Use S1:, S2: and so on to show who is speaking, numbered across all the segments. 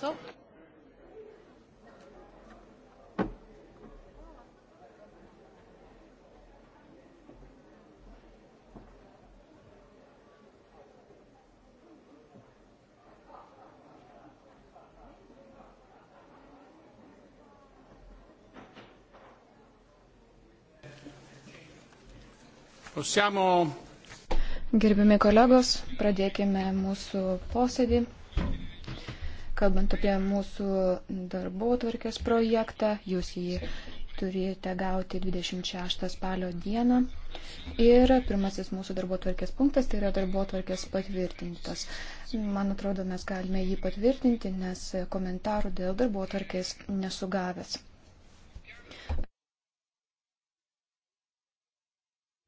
S1: Palazzo. Possiamo... Gerbiami kolegos, pradėkime mūsų posėdį. Kalbant apie mūsų darbo tvarkės projektą, jūs jį turite gauti 26 spalio dieną. Ir pirmasis mūsų darbo tvarkės punktas tai yra darbo tvarkės patvirtintas. Man atrodo, mes galime jį patvirtinti, nes komentarų dėl darbo tvarkės nesugavęs.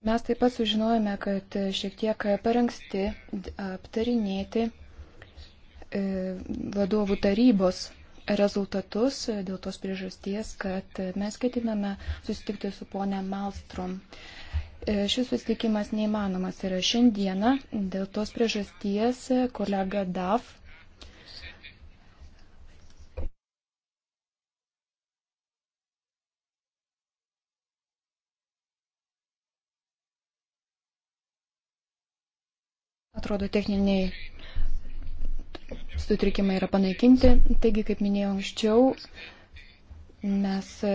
S1: Mes taip pat sužinojame, kad šiek tiek per anksti aptarinėti E, vadovų tarybos rezultatus dėl tos priežasties, kad mes ketiname susitikti su ponė Malstrom. E, šis susitikimas neįmanomas yra šiandieną, dėl tos priežasties kolega DAF. Atrodo, techniniai sutrikimai yra panaikinti. Taigi, kaip minėjau anksčiau, mes e,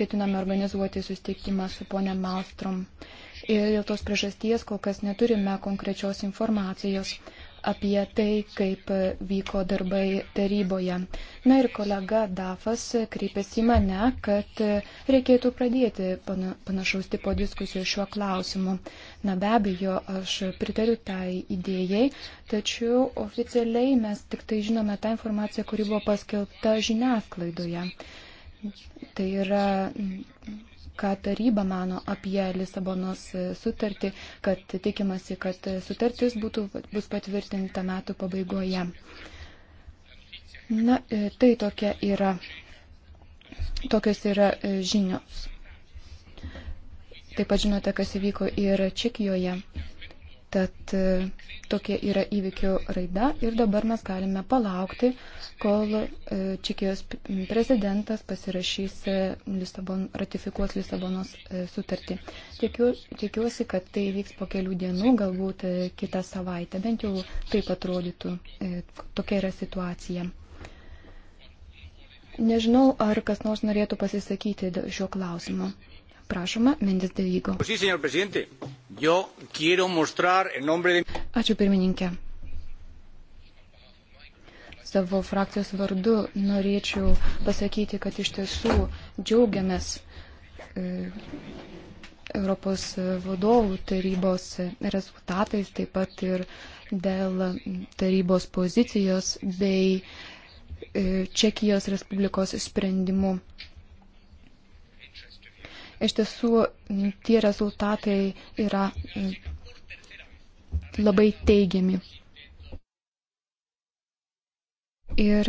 S1: ketiname organizuoti susitikimą su ponė Malstrom. Ir dėl tos priežasties kol kas neturime konkrečios informacijos apie tai, kaip vyko darbai taryboje. Na ir kolega Dafas kreipėsi į mane, kad reikėtų pradėti panašaus tipo diskusijų šiuo klausimu. Na be abejo, aš pritariu tai idėjai, tačiau oficialiai mes tik tai žinome tą informaciją, kuri buvo paskelbta žiniasklaidoje. Tai yra ką taryba mano apie Lisabonos sutartį, kad tikimasi, kad sutartis būtų, bus patvirtinta metų pabaigoje. Na, e, tai tokia yra, tokios yra e, žinios. Taip pat žinote, kas įvyko ir Čekijoje. Tad e, tokia yra įvykių raida ir dabar mes galime palaukti, kol e, Čekijos prezidentas pasirašys e, Lisabon, ratifikuos Lisabonos sutartį. Tikiu, tikiuosi, kad tai vyks po kelių dienų, galbūt kitą savaitę, bent jau taip atrodytų. Tokia yra situacija. Nežinau, ar kas nors norėtų pasisakyti šiuo klausimu. Prašoma, Mendes de Vigo. Ačiū pirmininkė. Savo frakcijos vardu norėčiau pasakyti, kad iš tiesų džiaugiamės e, Europos vadovų tarybos rezultatais, taip pat ir dėl tarybos pozicijos bei e, Čekijos Respublikos sprendimu Iš tiesų, tie rezultatai yra labai teigiami. Ir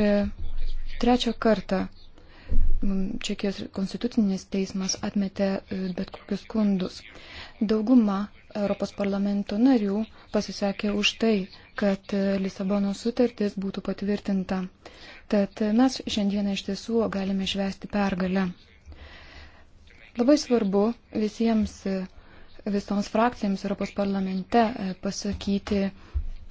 S1: trečią kartą Čekijos konstitucinis teismas atmetė e, bet kokius skundus. Dauguma Europos parlamento narių pasisakė už tai, kad Lisabono sutartis būtų patvirtinta. Tad mes šiandieną iš tiesų galime švesti pergalę. Labai svarbu visiems, visoms frakcijams Europos parlamente e, pasakyti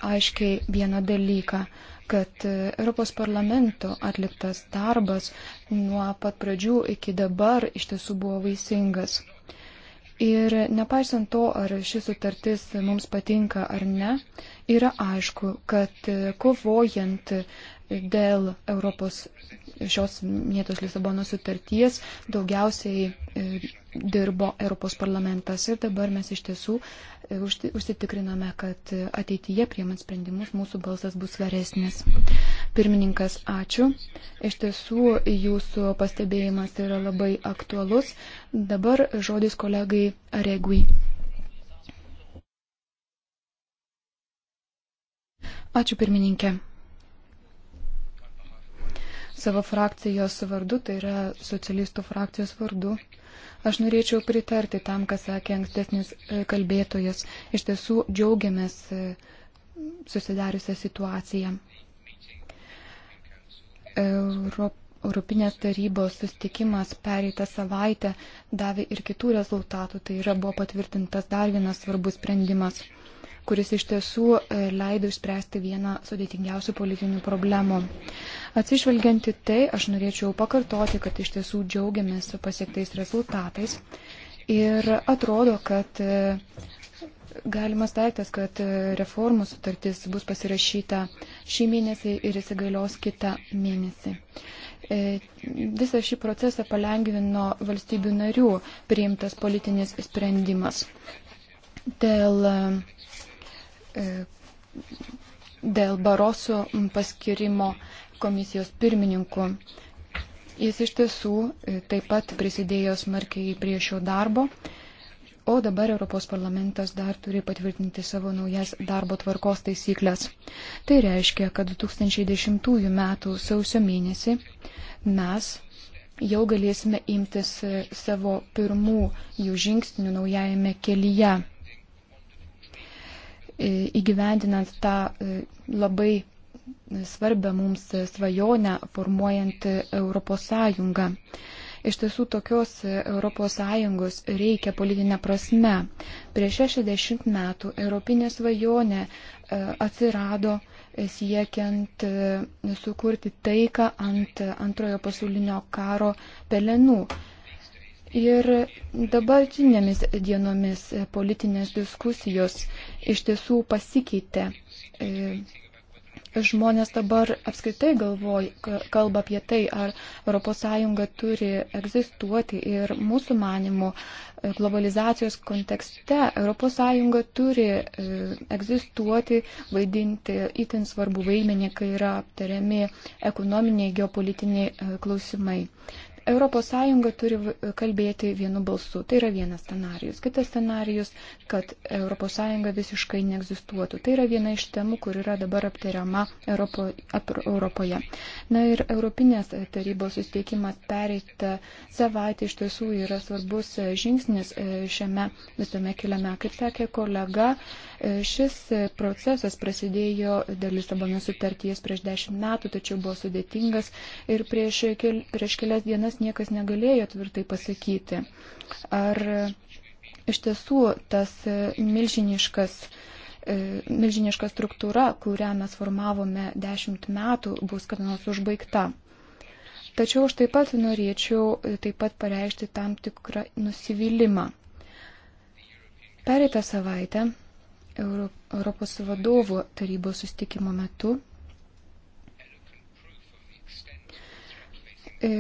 S1: aiškiai vieną dalyką, kad e, Europos parlamento atliktas darbas nuo pat pradžių iki dabar iš tiesų buvo vaisingas. Ir nepaisant to, ar ši sutartis mums patinka ar ne, yra aišku, kad e, kovojant dėl Europos šios minėtos Lisabonos sutarties daugiausiai e, dirbo Europos parlamentas ir dabar mes iš tiesų e, užsitikriname, kad ateityje priemant sprendimus mūsų balsas bus svaresnis. Pirmininkas, ačiū. Iš tiesų jūsų pastebėjimas yra labai aktualus. Dabar žodis kolegai Regui. Ačiū pirmininkė savo frakcijos vardu, tai yra socialistų frakcijos vardu. Aš norėčiau pritarti tam, ką sakė ankstesnis e, kalbėtojas. Iš tiesų džiaugiamės e, susidariusią situaciją. Europ, Europinės tarybos sustikimas pereitą savaitę davė ir kitų rezultatų, tai yra buvo patvirtintas dar vienas svarbus sprendimas kuris iš tiesų e, leido išspręsti vieną sudėtingiausių politinių problemų. Atsižvelgianti tai, aš norėčiau pakartoti, kad iš tiesų džiaugiamės pasiektais rezultatais ir atrodo, kad e, galimas daiktas, kad e, reformų sutartis bus pasirašyta šį mėnesį ir įsigalios kitą mėnesį. Visą šį procesą palengvino valstybių narių priimtas politinis sprendimas dėl E, dėl Baroso paskirimo komisijos pirmininku. Jis iš tiesų e, taip pat prisidėjo smarkiai prie šio darbo, o dabar Europos parlamentas dar turi patvirtinti savo naujas darbo tvarkos taisyklės. Tai reiškia, kad 2010 m. sausio mėnesį mes jau galėsime imtis e, savo pirmų jų žingsnių naujajame kelyje. E, įgyvendinant tą e, labai svarbę mums svajonę formuojant Europos Sąjungą. Iš tiesų tokios ES reikia politinė prasme. Prieš 60 metų Europinė svajonė e, atsirado siekiant sukurti taiką ant antrojo pasaulinio karo pelenų. Ir dabartinėmis dienomis politinės diskusijos iš tiesų pasikeitė. E, žmonės dabar apskritai galvoja, kalba apie tai, ar ES turi egzistuoti ir mūsų manimo e, globalizacijos kontekste ES turi e, egzistuoti, vaidinti itin svarbu vaidmenį, kai yra aptariami ekonominiai, geopolitiniai klausimai. ES turi kalbėti vienu balsu. Tai yra vienas scenarius. Kitas scenarius, kad ES visiškai neegzistuotų. Tai yra viena iš temų, kur yra dabar aptariama Europo, ap, Europoje. Na ir Europinės tarybos susitikimas pereitą savaitę iš tiesų yra svarbus e, žingsnis e, šiame visame keliame. Kaip sakė kolega, E, šis procesas prasidėjo dėl Lisabono sutarties prieš dešimt metų, tačiau buvo sudėtingas ir prieš, kel, prieš kelias dienas niekas negalėjo tvirtai pasakyti, ar iš tiesų tas milžiniškas e, milžiniška struktūra, kurią mes formavome dešimt metų, bus kada nors užbaigta. Tačiau aš taip pat norėčiau e, taip pat pareikšti tam tikrą nusivylimą. Pereitą savaitę Europos vadovų tarybos sustikimo metu. E,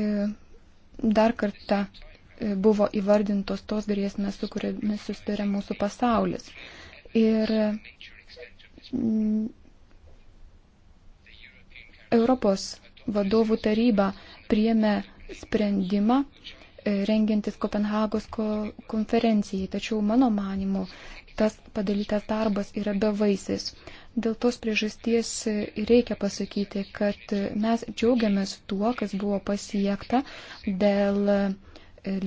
S1: dar kartą e, buvo įvardintos tos grėsmės, su kuriamis susiduria mūsų pasaulis. Ir mm, Europos vadovų taryba priėmė sprendimą e, rengiantis Kopenhagos konferencijai. Tačiau mano manimu tas padalytas darbas yra bevaisis. Dėl tos priežasties reikia pasakyti, kad mes džiaugiamės tuo, kas buvo pasiekta dėl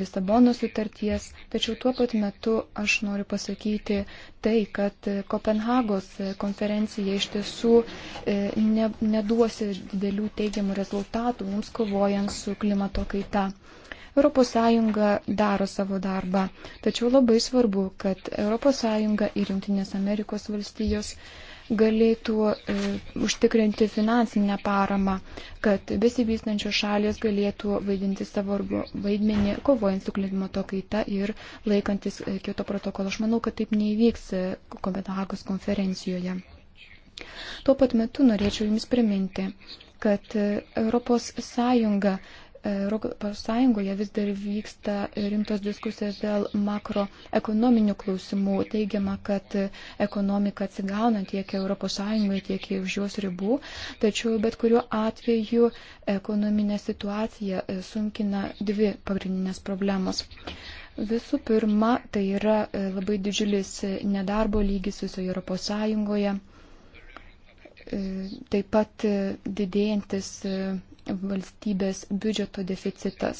S1: Lisabono sutarties, tačiau tuo pat metu aš noriu pasakyti tai, kad Kopenhagos konferencija iš tiesų e, ne, neduosi didelių teigiamų rezultatų mums kovojant su klimato kaita. ES daro savo darbą, tačiau labai svarbu, kad ES ir Junktinės Amerikos valstijos galėtų e, užtikrinti finansinę paramą, kad besivystančios šalės galėtų vaidinti savo vaidmenį, kovojant su klimato kaita ir laikantis e, Kyoto protokolo. Aš manau, kad taip neįvyks e, Kopenhagos konferencijoje. Tuo pat metu norėčiau Jums priminti, kad ES Europos Sąjungoje vis dar vyksta rimtos diskusijos dėl makroekonominių klausimų. Teigiama, kad ekonomika atsigauna tiek Europos Sąjungoje, tiek ir už jos ribų, tačiau bet kuriuo atveju ekonominė situacija sunkina dvi pagrindinės problemos. Visų pirma, tai yra labai didžiulis nedarbo lygis visoje Europos Sąjungoje taip pat e, didėjantis e, valstybės biudžeto deficitas.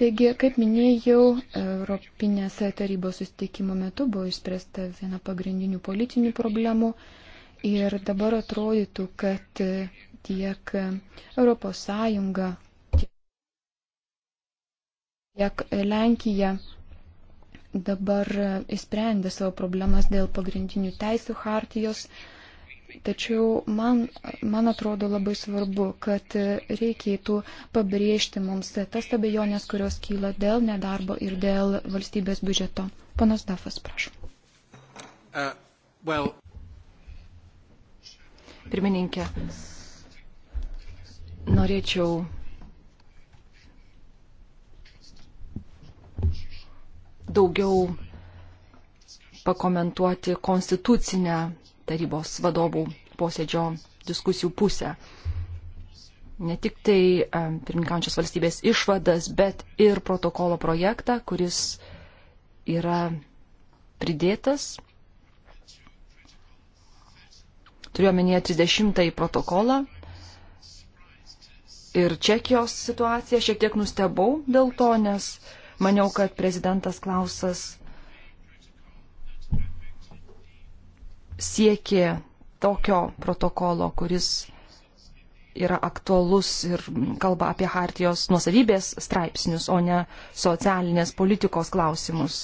S1: Taigi, kaip minėjau, Europinės tarybos susitikimo metu buvo išspręsta viena pagrindinių politinių problemų ir dabar atrodytų, kad tiek ES, tiek Lenkija dabar įsprendė savo problemas dėl pagrindinių teisų hartijos, Tačiau man, man atrodo labai svarbu, kad reikėtų pabrėžti mums tas abejonės, kurios kyla dėl nedarbo ir dėl valstybės biudžeto. Panas Dafas, prašau.
S2: Uh, well.
S3: Pirmininkė, norėčiau. Daugiau pakomentuoti konstitucinę tarybos vadovų posėdžio diskusijų pusę. Ne tik tai pirmininkančios valstybės išvadas, bet ir protokolo projektą, kuris yra pridėtas. Turiuomenėje 30-ąjį protokolą. Ir Čekijos situaciją šiek tiek nustebau dėl to, nes maniau, kad prezidentas Klausas siekė tokio protokolo, kuris yra aktualus ir kalba apie Hartijos nuosavybės straipsnius, o ne socialinės politikos klausimus,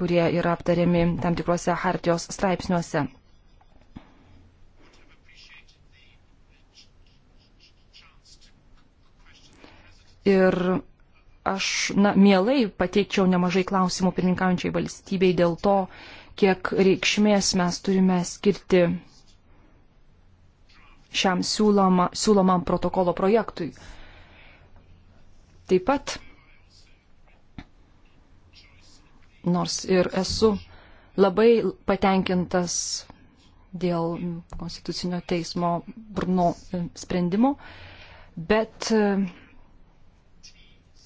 S3: kurie yra aptariami tam tikrose Hartijos straipsniuose. Ir aš, na, mielai pateikčiau nemažai klausimų pirmininkaujančiai valstybei dėl to, kiek reikšmės mes turime skirti šiam siūloma, siūlomam protokolo projektui. Taip pat, nors ir esu labai patenkintas dėl Konstitucinio teismo Brno e, sprendimo, bet e,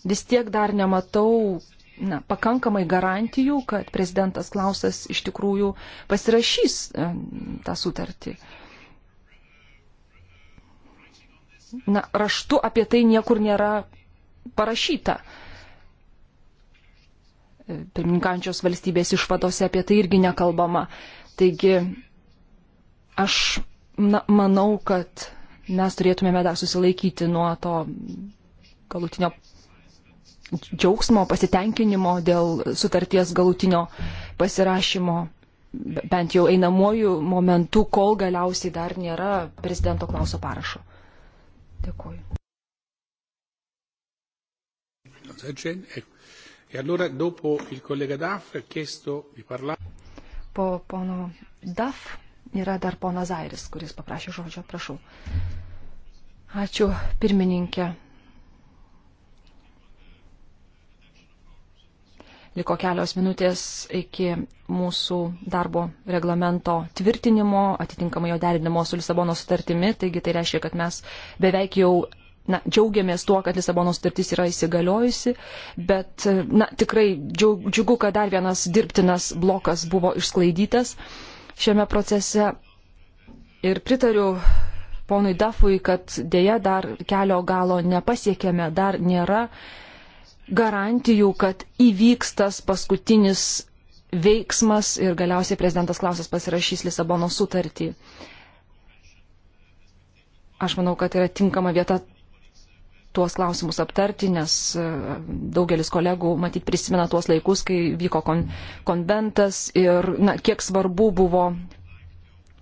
S3: vis tiek dar nematau, na, pakankamai garantijų, kad prezidentas Klausas iš tikrųjų pasirašys e, tą sutartį. Na, raštu apie tai niekur nėra parašyta. E, pirmininkančios valstybės išvadose apie tai irgi nekalbama. Taigi, aš na, manau, kad mes turėtumėme dar susilaikyti nuo to galutinio džiaugsmo, pasitenkinimo dėl sutarties galutinio pasirašymo, bent jau einamuoju momentu, kol galiausiai dar nėra prezidento klauso parašo. Dėkuoju. E po pono Daf yra dar ponas Airis, kuris paprašė žodžio, prašau. Ačiū pirmininkė. Liko kelios minutės iki mūsų darbo reglamento tvirtinimo, atitinkamai jo derinimo su Lisabono sutartimi, taigi tai reiškia, kad mes beveik jau na, džiaugiamės tuo, kad Lisabono sutartis yra įsigaliojusi, bet na, tikrai džiugu, kad dar vienas dirbtinas blokas buvo išsklaidytas šiame procese. Ir pritariu ponui Dafui, kad dėja dar kelio galo nepasiekėme, dar nėra garantijų, kad įvyks tas paskutinis veiksmas ir galiausiai prezidentas Klausas pasirašys Lisabono sutartį. Aš manau, kad yra tinkama vieta tuos klausimus aptarti, nes e, daugelis kolegų matyt prisimena tuos laikus, kai vyko kon, konventas ir na, kiek svarbu buvo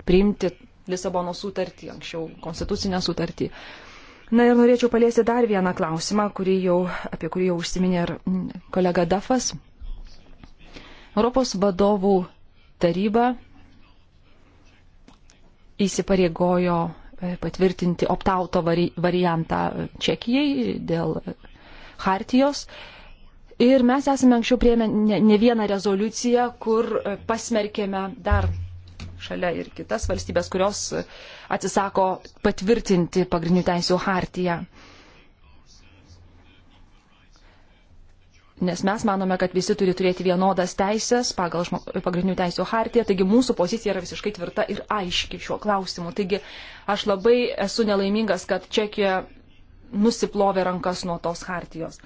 S3: priimti Lisabono sutartį, anksčiau konstitucinę sutartį. Uh, Na ir norėčiau paliesti dar vieną klausimą, kurį jau, apie kurį jau užsiminė ir mm, kolega Dafas. Europos vadovų taryba įsipareigojo e, patvirtinti optauto vari, variantą Čekijai dėl Hartijos. Ir mes esame anksčiau prieėmę ne, ne vieną rezoliuciją, kur e, pasmerkėme dar šalia ir kitas valstybės, kurios atsisako patvirtinti pagrindinių teisų hartiją. Nes mes manome, kad visi turi turėti vienodas teisės pagal pagrindinių teisų hartiją, taigi mūsų pozicija yra visiškai tvirta ir aiški šiuo klausimu. Taigi aš labai esu nelaimingas, kad Čekija nusiplovė rankas nuo tos hartijos.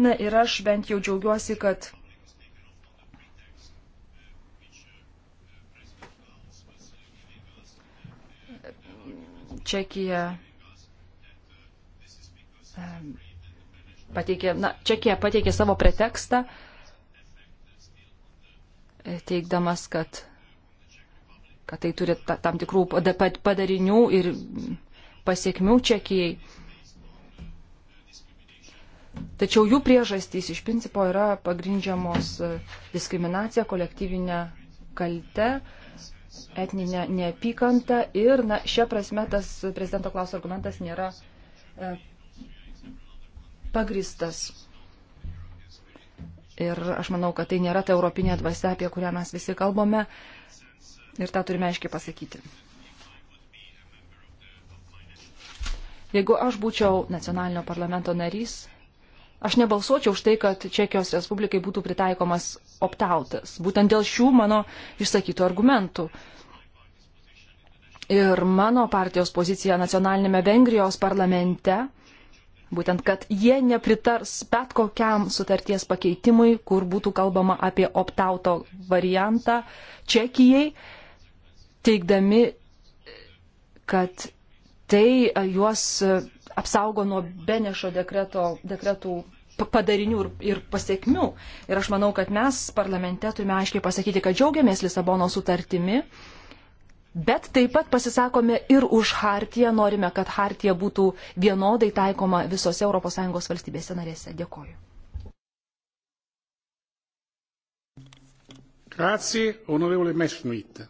S3: Na ir aš bent jau džiaugiuosi, kad Čekija pateikė, na, Čekija pateikė savo pretekstą, e, teikdamas, kad, kad tai turi ta, tam tikrų padarinių ir pasiekmių Čekijai. Tačiau jų priežastys iš principo yra pagrindžiamos e, diskriminacija, kolektyvinė kalte, etninę neapykantą ir na, šia prasme tas prezidento klauso argumentas nėra e, pagristas. Ir aš manau, kad tai nėra ta europinė dvasia, apie kurią mes visi kalbame ir tą turime aiškiai pasakyti. Jeigu aš būčiau nacionalinio parlamento narys, Aš nebalsuočiau už tai, kad Čekijos Respublikai būtų pritaikomas optautas, būtent dėl šių mano išsakytų argumentų. Ir mano partijos pozicija nacionalinėme Vengrijos parlamente, būtent, kad jie nepritars bet kokiam sutarties pakeitimui, kur būtų kalbama apie optauto variantą Čekijai, teikdami, kad tai e, juos apsaugo nuo Benešo dekreto, dekretų padarinių ir, ir pasiekmių. Ir aš manau, kad mes parlamente turime aiškiai pasakyti, kad džiaugiamės Lisabono sutartimi, bet taip pat pasisakome ir už Hartiją, norime, kad Hartija būtų vienodai taikoma visose ES valstybėse narėse. Dėkoju.
S2: Grazie, onorevole Messerschmidt.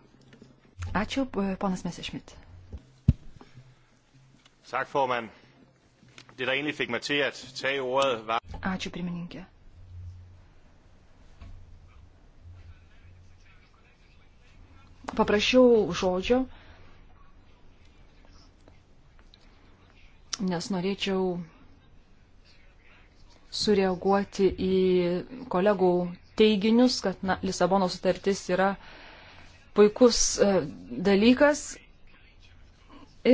S3: Ačiū, ponas Messerschmidt.
S2: Tak, formand det, der egentlig fik mig til at tage ordet, var...
S3: Ačiū, pirmininkė. Paprašiau žodžio, nes norėčiau sureaguoti į kolegų teiginius, kad na, Lisabono sutartis yra puikus e, dalykas.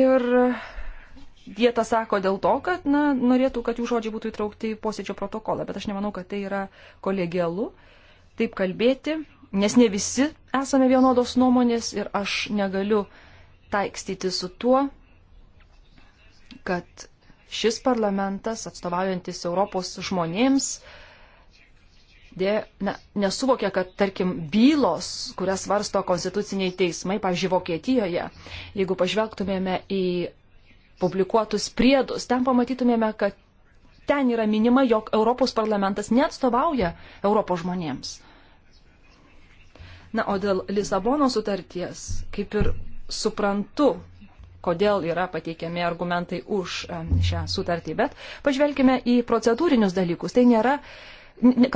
S3: Ir jie tą sako dėl to, kad na, norėtų, kad jų žodžiai būtų įtraukti į posėdžio protokolą, bet aš nemanau, kad tai yra kolegialu taip kalbėti, nes ne visi esame vienodos nuomonės ir aš negaliu taikstyti su tuo, kad šis parlamentas, atstovaujantis Europos žmonėms, dė, na, nesuvokia, kad, tarkim, bylos, kurias varsto konstituciniai teismai, pavyzdžiui, Vokietijoje, jeigu pažvelgtumėme į publikuotus priedus, ten pamatytumėme, kad ten yra minima, jog Europos parlamentas neatstovauja Europos žmonėms. Na, o dėl Lisabono sutarties, kaip ir suprantu, kodėl yra pateikiami argumentai už šią sutartį, bet pažvelkime į procedūrinius dalykus. Tai nėra,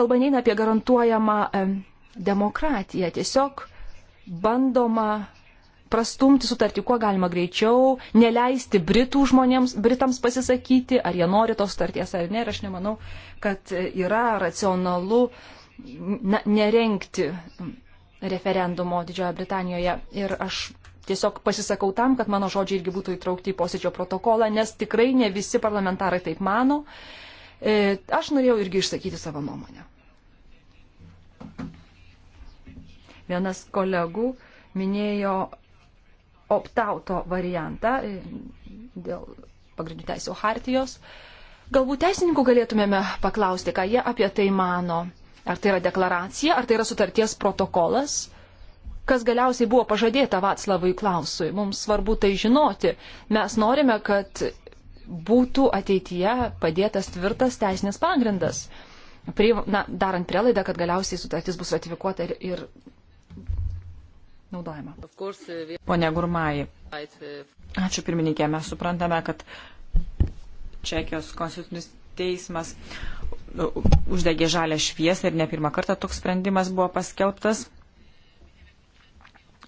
S3: kalba neina apie garantuojamą demokratiją, tiesiog bandoma prastumti sutartį kuo galima greičiau, neleisti Britų žmonėms, Britams pasisakyti, ar jie nori tos sutarties ar ne. Ir aš nemanau, kad yra racionalu na, nerenkti referendumo Didžiojo Britanijoje. Ir aš tiesiog pasisakau tam, kad mano žodžiai irgi būtų įtraukti į posėdžio protokolą, nes tikrai ne visi parlamentarai taip mano. E, aš norėjau irgi išsakyti savo nuomonę. Vienas kolegų minėjo optauto variantą e, dėl pagrindinių teisų hartijos. Galbūt teisininkų galėtumėme paklausti, ką jie apie tai mano. Ar tai yra deklaracija, ar tai yra sutarties protokolas? Kas galiausiai buvo pažadėta Vaclavui Klausui? Mums svarbu tai žinoti. Mes norime, kad būtų ateityje padėtas tvirtas teisinės pagrindas. Prie, na, darant prielaidą, kad galiausiai sutartis bus ratifikuota ir, ir
S4: naudojama. Uh, Pone Gurmai, uh, ačiū pirmininkė, mes suprantame, kad Čekijos konstitucinis teismas uh, uždegė žalę šviesą ir ne pirmą kartą toks sprendimas buvo paskelbtas.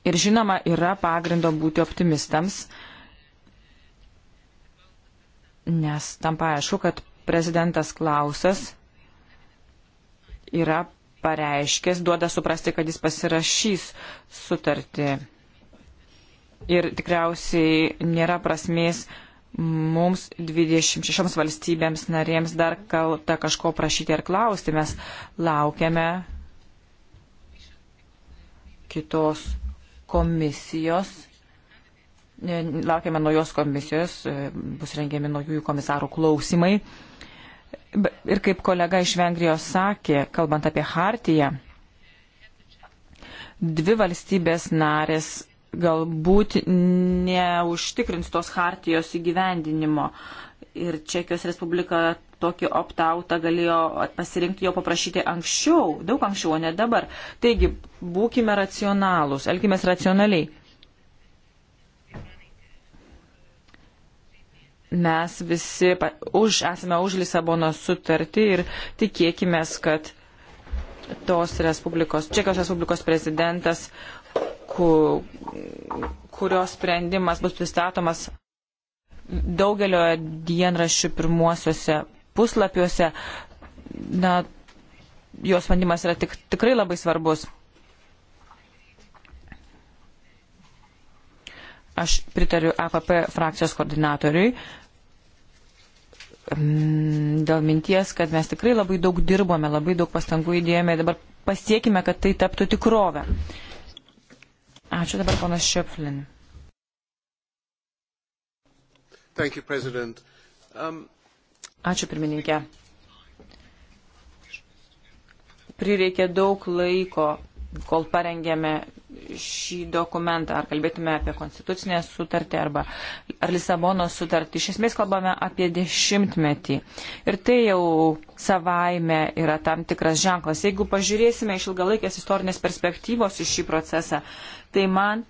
S4: Ir žinoma, yra pagrindo būti optimistams, nes tam paaišku, kad prezidentas Klausas yra pareiškęs duoda suprasti, kad jis pasirašys sutartį. Ir tikriausiai nėra prasmės mums 26 valstybėms narėms dar kalta kažko prašyti ar klausti. Mes laukiame kitos komisijos. Laukiame naujos komisijos, bus rengiami naujųjų komisarų klausimai. Ir kaip kolega iš Vengrijos sakė, kalbant apie Hartiją, dvi valstybės narės galbūt neužtikrins tos Hartijos įgyvendinimo. Ir Čekijos Respublika tokį opt-outą galėjo pasirinkti jo paprašyti anksčiau, daug anksčiau, o ne dabar. Taigi, būkime racionalūs, elkime racionaliai. mes visi už, esame už Lisabonos sutartį ir tikėkime, kad tos Respublikos, Čekijos Respublikos prezidentas, ku, kurios sprendimas bus pristatomas daugelio dienraščių pirmuosiuose puslapiuose, na, jos sprendimas yra tik, tikrai labai svarbus. Aš pritariu APP frakcijos koordinatoriui mm, dėl minties, kad mes tikrai labai daug dirbome, labai daug pastangų įdėjome, dabar pasiekime, kad tai taptų tikrovę. Ačiū dabar ponas Šiopflin.
S2: Um...
S4: Ačiū pirmininkė. Prireikė daug laiko kol parengėme šį dokumentą, ar kalbėtume apie konstitucinę sutartį arba ar Lisabono sutartį, iš esmės kalbame apie dešimtmetį. Ir tai jau savaime yra tam tikras ženklas. Jeigu pažiūrėsime iš ilgalaikės istorinės perspektyvos į šį procesą, tai man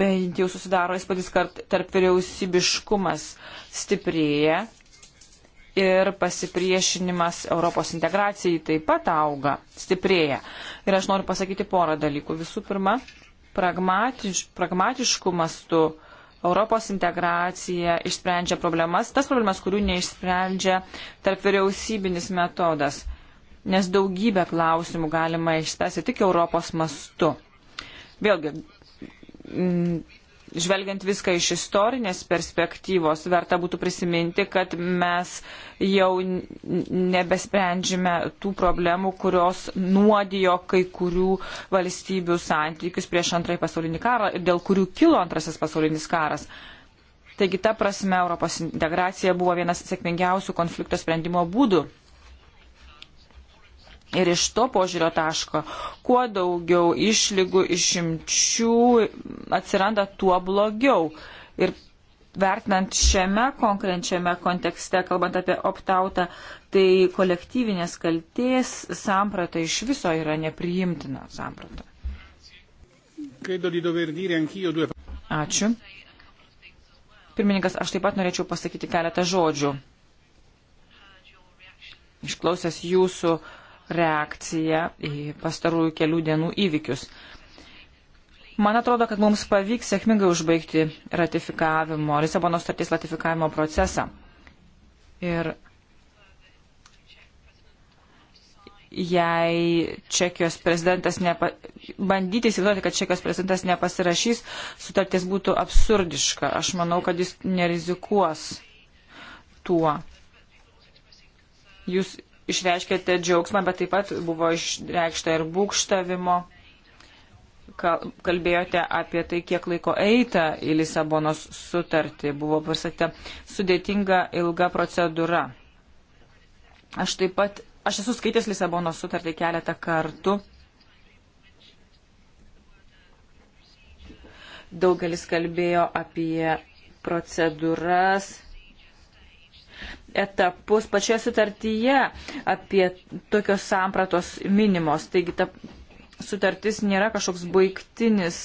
S4: bent jau susidaro įspūdis, kad tarp vyriausybiškumas stiprėja ir pasipriešinimas Europos integracijai taip pat auga, stiprėja. Ir aš noriu pasakyti porą dalykų. Visų pirma, pragmatiš, pragmatiškų mastų Europos integracija išsprendžia problemas, tas problemas, kurių neišsprendžia tarp vyriausybinis metodas, nes daugybę klausimų galima išspręsti tik Europos mastu. Vėlgi, žvelgiant viską iš istorinės perspektyvos, verta būtų prisiminti, kad mes jau nebesprendžiame tų problemų, kurios nuodijo kai kurių valstybių santykius prieš antrąjį pasaulinį karą ir dėl kurių kilo antrasis pasaulinis karas. Taigi ta prasme Europos integracija buvo vienas sėkmingiausių konflikto sprendimo būdų. Ir iš to požiūrio taško, kuo daugiau išlygų, išimčių atsiranda, tuo blogiau. Ir vertinant šiame konkrenčiame kontekste, kalbant apie optautą, tai kolektyvinės kalties samprata iš viso yra nepriimtina samprata. Ačiū. Pirmininkas, aš taip pat norėčiau pasakyti keletą žodžių. Išklausęs jūsų uh, reakcija į pastarųjų kelių dienų įvykius. Man atrodo, kad mums pavyks sėkmingai užbaigti ratifikavimo, Lisabono starties ratifikavimo procesą. Ir jei Čekijos prezidentas nepa... bandyti įsivaizduoti, kad Čekijos prezidentas nepasirašys, sutartis būtų absurdiška. Aš manau, kad jis nerizikuos tuo. Jūs išreiškėte džiaugsmą, bet taip pat buvo išreikšta ir būkštavimo. Kalbėjote apie tai, kiek laiko eita į Lisabonos sutartį. Buvo pasakyta sudėtinga ilga procedūra. Aš taip pat, aš esu skaitęs Lisabonos sutartį keletą kartų. Daugelis kalbėjo apie procedūras etapus pačioje sutartyje apie tokios sampratos minimos. Taigi ta sutartis nėra kažkoks baigtinis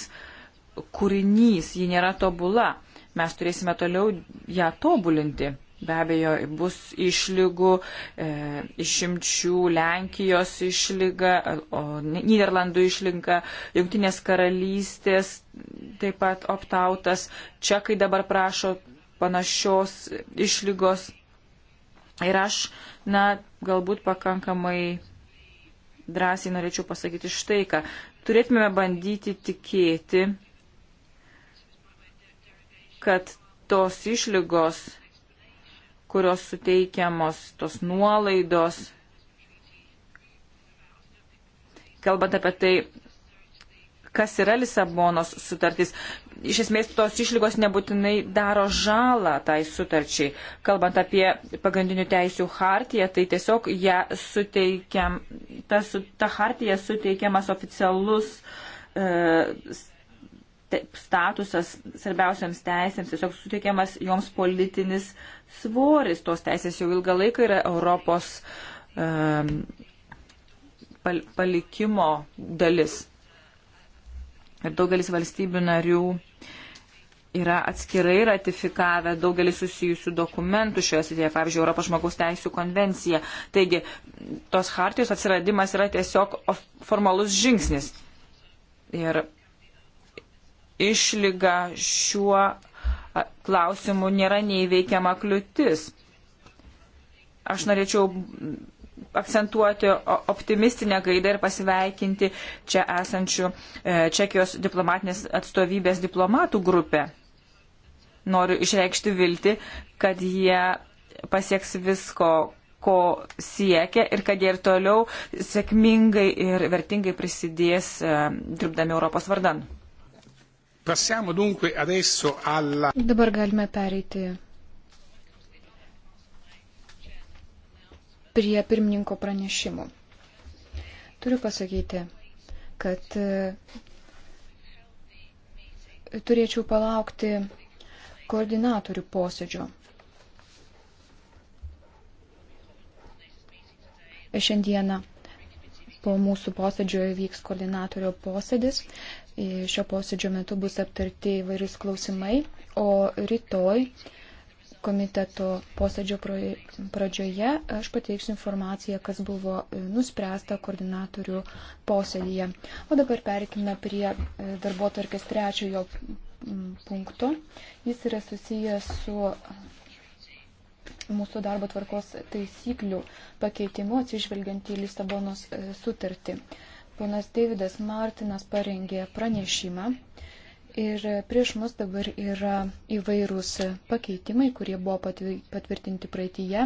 S4: kūrinys, ji nėra tobula. Mes turėsime toliau ją tobulinti. Be abejo, bus išlygų, e, išimčių Lenkijos išlyga, o Niderlandų išlyga, Junktinės karalystės, taip pat optautas. Čekai dabar prašo panašios išlygos. Ir aš, na, galbūt pakankamai drąsiai norėčiau pasakyti štai ką. Turėtume bandyti tikėti, kad tos išlygos, kurios suteikiamos, tos nuolaidos, kalbant apie tai, kas yra Lisabonos sutartis, iš esmės tos išlygos nebūtinai daro žalą tai sutarčiai. Kalbant apie pagrindinių teisių hartiją, tai tiesiog ją suteikiam, ta, ta hartija suteikiamas oficialus e, statusas svarbiausiams teisėms, tiesiog suteikiamas joms politinis svoris. Tos teisės jau ilgą laiką yra Europos e, palikimo dalis ir daugelis valstybių narių yra atskirai ratifikavę daugelį susijusių dokumentų šioje srityje, pavyzdžiui, Europos žmogaus teisų konvencija. Taigi, tos hartijos atsiradimas yra tiesiog formalus žingsnis. Ir išlyga šiuo klausimu nėra neįveikiama kliūtis. Aš norėčiau akcentuoti optimistinę gaidą ir pasveikinti čia esančių e, Čekijos diplomatinės atstovybės diplomatų grupę. Noriu išreikšti vilti, kad jie pasieks visko, ko siekia ir kad jie ir toliau sėkmingai ir vertingai prisidės e, dirbdami Europos vardan. Alla...
S1: Dabar galime pereiti prie pirmininko pranešimų. Turiu pasakyti, kad e, turėčiau palaukti koordinatorių posėdžio. E, šiandieną po mūsų posėdžio vyks koordinatorio posėdis. E, šio posėdžio metu bus aptarti įvairius klausimai, o rytoj komiteto posėdžio pradžioje aš pateiksiu informaciją, kas buvo e, nuspręsta koordinatorių posėdėje. O dabar perikime prie e, darbo tarkės trečiojo punkto. Jis yra susijęs su mūsų darbo tvarkos taisyklių pakeitimu atsižvelgiant į Lisabonos e, sutartį. Ponas Davidas Martinas parengė pranešimą Ir prieš mus dabar yra įvairūs pakeitimai, kurie buvo patvirtinti praeitįje.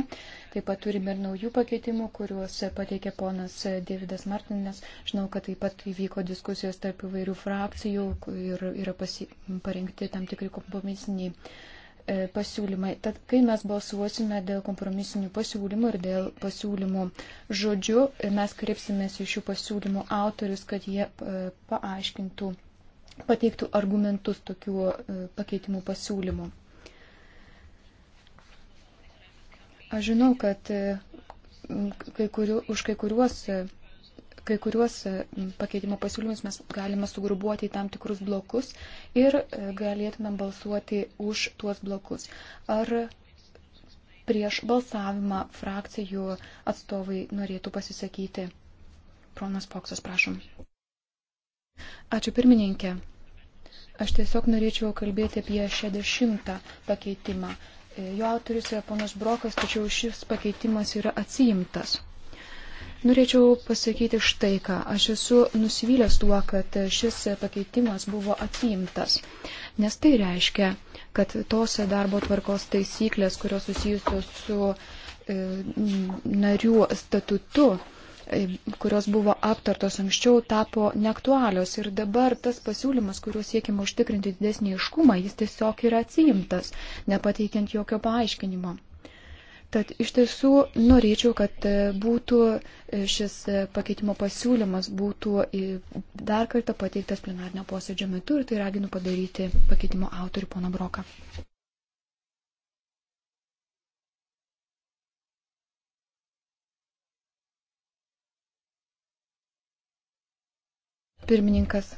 S1: Taip pat turime ir naujų pakeitimų, kuriuos pateikė ponas Davidas Martinas. Žinau, kad taip pat įvyko diskusijos tarp įvairių frakcijų ir yra pasi, parengti tam tikri kompromisiniai e, pasiūlymai. Tad, kai mes balsuosime dėl kompromisinių pasiūlymų ir dėl pasiūlymų žodžių, mes kreipsimės iš šių pasiūlymų autorius, kad jie e, paaiškintų pateiktų argumentus tokių e, pakeitimų pasiūlymų. Aš žinau, kad e, kai kuriu, už kai kuriuos, e, kai kuriuos pakeitimo pasiūlymus mes galime sugrubuoti į tam tikrus blokus ir galėtume balsuoti už tuos blokus. Ar prieš balsavimą frakcijų atstovai norėtų pasisakyti? Pronas Poksas, prašom. Ačiū pirmininkė. Aš tiesiog norėčiau kalbėti apie 60 pakeitimą. Jo autorius yra ponas Brokas, tačiau šis pakeitimas yra atsiimtas. Norėčiau pasakyti štai ką. Aš esu nusivylęs tuo, kad šis pakeitimas buvo atsiimtas, nes tai reiškia, kad tos darbo tvarkos taisyklės, kurios susijusios su e, narių statutu, E, kurios buvo aptartos anksčiau, tapo neaktualios ir dabar tas pasiūlymas, kuriuo siekima užtikrinti didesnį iškumą, jis tiesiog yra atsiimtas, nepateikiant jokio paaiškinimo. Tad iš tiesų norėčiau, kad e, būtų e, šis pakeitimo pasiūlymas būtų dar kartą pateiktas plenarnio posėdžio metu ir tai raginu padaryti pakeitimo autorių pono Broką. Pirmininkas.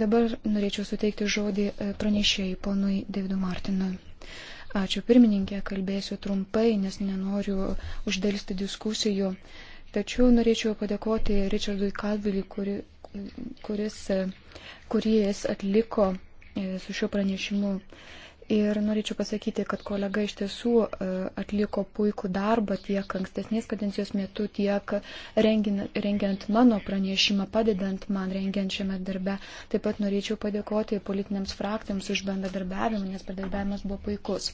S1: Dabar norėčiau suteikti žodį e, pranešėjai ponui Davidu Martinui. Ačiū pirmininkė, kalbėsiu trumpai, nes nenoriu uždėlisti diskusijų. Tačiau norėčiau padėkoti Richardui Kalviliui, kuri, kuris, e, kuris atliko e, su šiuo pranešimu. Ir norėčiau pasakyti, kad kolega iš tiesų e, atliko puikų darbą tiek ankstesnės kadencijos metu, tiek rengiant mano pranešimą, padedant man rengiant šiame darbe. Taip pat norėčiau padėkoti politiniams frakcijams už bendradarbiavimą, nes bendradarbiavimas buvo puikus.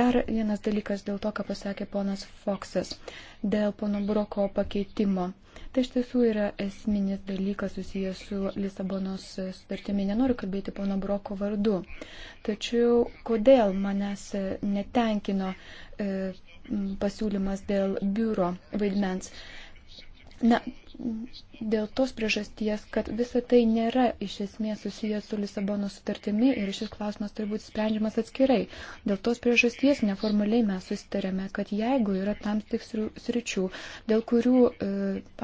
S1: Dar vienas dalykas dėl to, ką pasakė ponas Foksas dėl pono Broko pakeitimo. Tai iš tiesų yra esminis dalykas susijęs su Lisabonos sutartimi. Nenoriu kalbėti pono Broko vardu. Tačiau kodėl manęs netenkino e, pasiūlymas dėl biuro vaidmens? Na, dėl tos priežasties, kad visa tai nėra iš esmės susijęs su Lisabono sutartimi ir šis klausimas turi būti sprendžiamas atskirai. Dėl tos priežasties neformaliai mes susitarėme, kad jeigu yra tam tiksrių sričių, dėl kurių, e,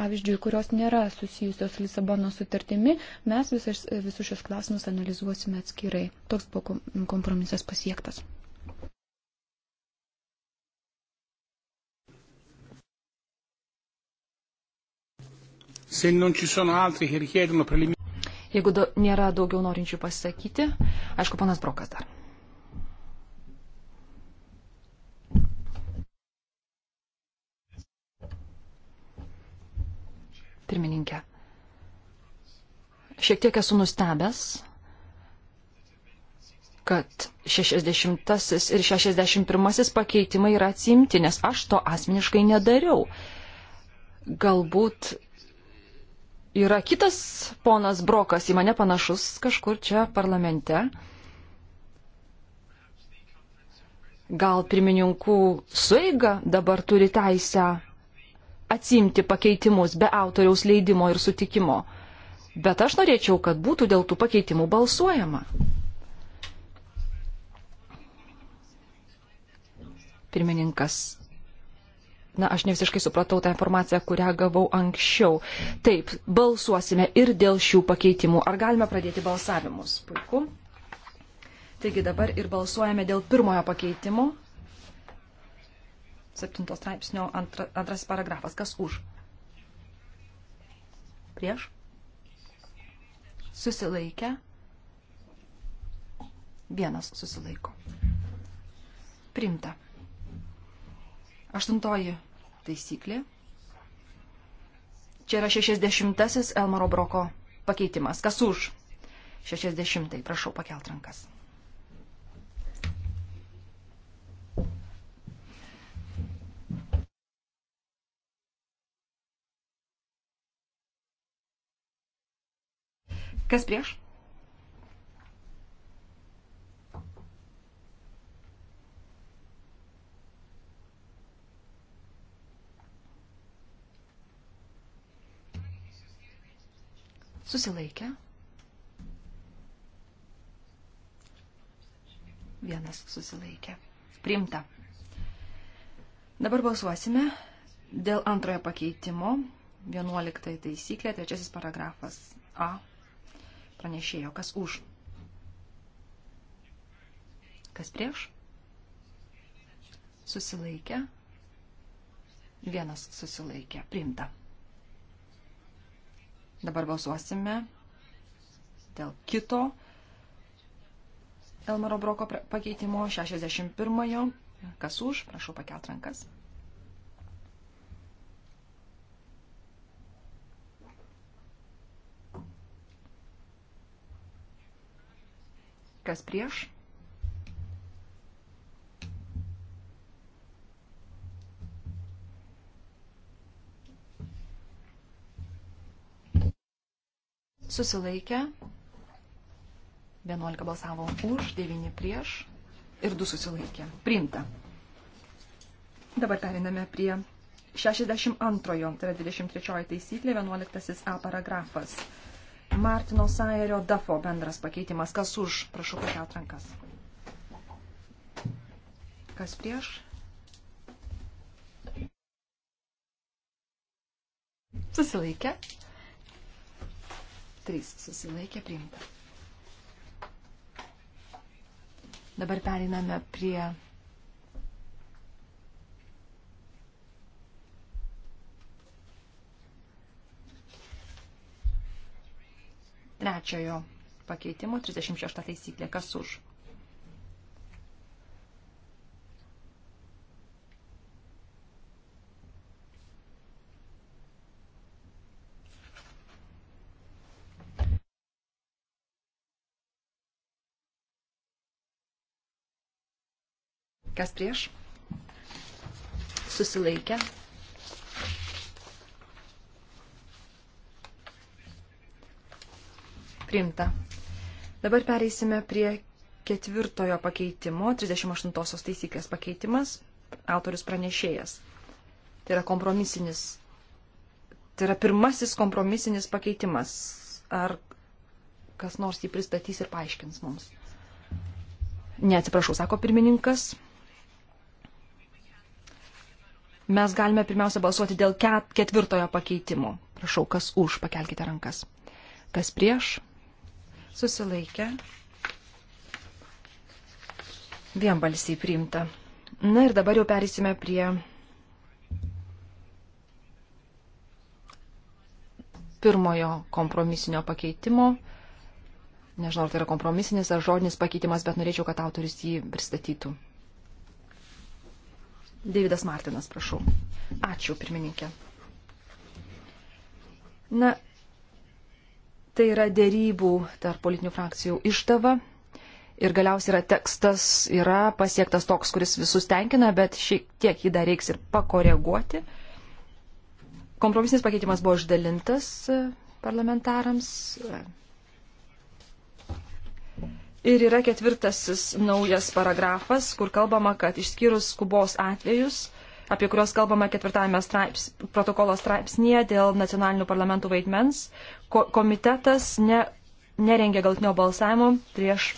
S1: pavyzdžiui, kurios nėra susijusios su Lisabono sutartimi, mes visus šios klausimus analizuosime atskirai. Toks buvo kompromisas pasiektas.
S2: Jeigu
S3: do, nėra daugiau norinčių pasisakyti, aišku, panas Brokas dar. Pirmininkė. Šiek tiek esu nustebęs, kad 60 ir 61 pakeitimai yra atsimti, nes aš to asmeniškai nedariau. Galbūt yra kitas ponas Brokas, į mane panašus kažkur čia parlamente. Gal pirmininkų suiga dabar turi teisę atsimti pakeitimus be autoriaus leidimo ir sutikimo. Bet aš norėčiau, kad būtų dėl tų pakeitimų balsuojama. Pirmininkas na, aš ne visiškai supratau tą informaciją, kurią gavau anksčiau. Taip, balsuosime ir dėl šių pakeitimų. Ar galime pradėti balsavimus? Puiku. Taigi dabar ir balsuojame dėl pirmojo pakeitimo. 7 straipsnio antra, antras paragrafas. Kas už? Prieš? Susilaikę? Vienas susilaiko. Primta. Aštuntoji taisyklė. Čia yra 60-asis Elmaro Broko pakeitimas. Kas už? 60-ai. Prašau pakelt rankas. Kas prieš? Susilaikę. Vienas susilaikė. Primta. Dabar balsuosime dėl antrojo pakeitimo. 11 taisyklė, trečiasis paragrafas A. Pranešėjo, kas už. Kas prieš? Susilaikė. Vienas susilaikė. Primta. Dabar balsuosime dėl kito Elmaro Broko pakeitimo 61-ojo. Kas už? Prašau pakelt rankas. Kas prieš? susilaikė, 11 balsavo už, 9 prieš ir 2 susilaikė. Priimta. Dabar periname prie 62-ojo, tai yra 23-oji taisyklė, 11-asis A paragrafas. Martino Sairio Dafo bendras pakeitimas. Kas už? Prašau pakelt rankas. Kas prieš? Susilaikė. 3 susilaikė priimta. Dabar periname prie trečiojo pakeitimo 36 taisyklė. Kas už? Kas prieš? Susilaikę. Priimta. Dabar pereisime prie ketvirtojo pakeitimo, 38 taisyklės pakeitimas, autorius pranešėjas. Tai yra kompromisinis, tai yra pirmasis kompromisinis pakeitimas. Ar kas nors jį pristatys ir paaiškins mums? Neatsiprašau, sako pirmininkas mes galime pirmiausia balsuoti dėl ketvirtojo pakeitimo. Prašau, kas už, pakelkite rankas. Kas prieš? Susilaikę. Vienbalsiai priimta. Na ir dabar jau perėsime prie pirmojo kompromisinio pakeitimo. Nežinau, ar tai yra kompromisinis ar žodinis pakeitimas, bet norėčiau, kad autoris jį pristatytų. Davidas Martinas, prašau. Ačiū, pirmininkė. Na, tai yra dėrybų tarp politinių frakcijų ištava. Ir galiausiai yra tekstas, yra pasiektas toks, kuris visus tenkina, bet šiek tiek jį dar reiks ir pakoreguoti. Kompromisinis pakeitimas buvo išdalintas e, parlamentarams. E, Ir yra ketvirtasis naujas paragrafas, kur kalbama, kad išskyrus skubos atvejus, apie kuriuos kalbama ketvirtame straips, protokolo straipsnėje dėl nacionalinių parlamentų vaidmens, ko, komitetas ne, nerengė galtinio balsavimo prieš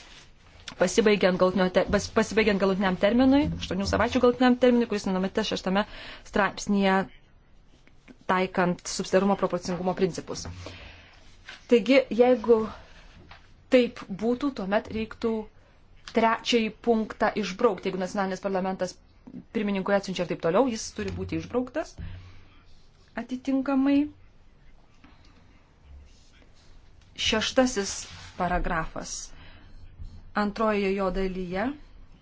S3: pasibaigiant, te, pasibaigiant galutiniam terminui, 8 savaičių galutiniam terminui, kuris numatytas šeštame straipsnėje taikant subsidarumo proporcingumo principus. Taigi, jeigu taip būtų, tuomet reiktų trečiąjį punktą išbraukti. Jeigu nacionalinis parlamentas pirmininkui atsiunčia ir taip toliau, jis turi būti išbrauktas atitinkamai. Šeštasis paragrafas. Antrojoje jo dalyje,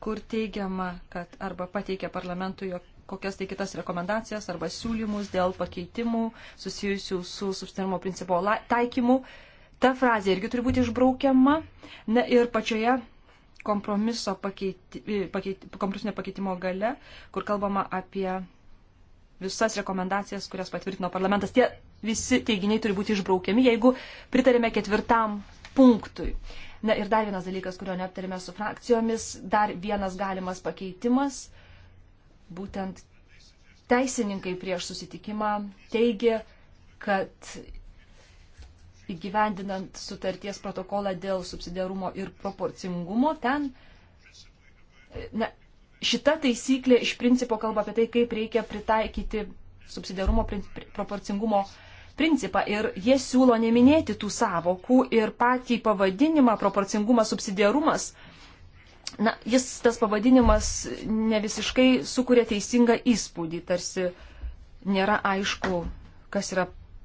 S3: kur teigiama, kad arba pateikia parlamentui kokias tai kitas rekomendacijas arba siūlymus dėl pakeitimų susijusių su subsitarimo principo taikymu, uh, Ta frazė irgi turi būti išbraukiama. Na ir pačioje kompromiso pakeiti, e, pakeiti, kompromisinio pakeitimo gale, kur kalbama apie visas rekomendacijas, kurias patvirtino parlamentas. Tie visi teiginiai turi būti išbraukiami, jeigu pritarėme ketvirtam punktui. Na ir dar vienas dalykas, kurio neaptarėme su frakcijomis, dar vienas galimas pakeitimas. Būtent teisininkai prieš susitikimą teigia, kad įgyvendinant sutarties protokolą dėl subsidiarumo ir proporcingumo, ten na, šita taisyklė iš principo kalba apie tai, kaip reikia pritaikyti subsidiarumo proporcingumo principą. Ir jie siūlo neminėti tų savokų ir patį pavadinimą proporcingumas, subsidiarumas. Na, jis tas pavadinimas ne visiškai sukuria teisingą įspūdį, tarsi nėra aišku, kas yra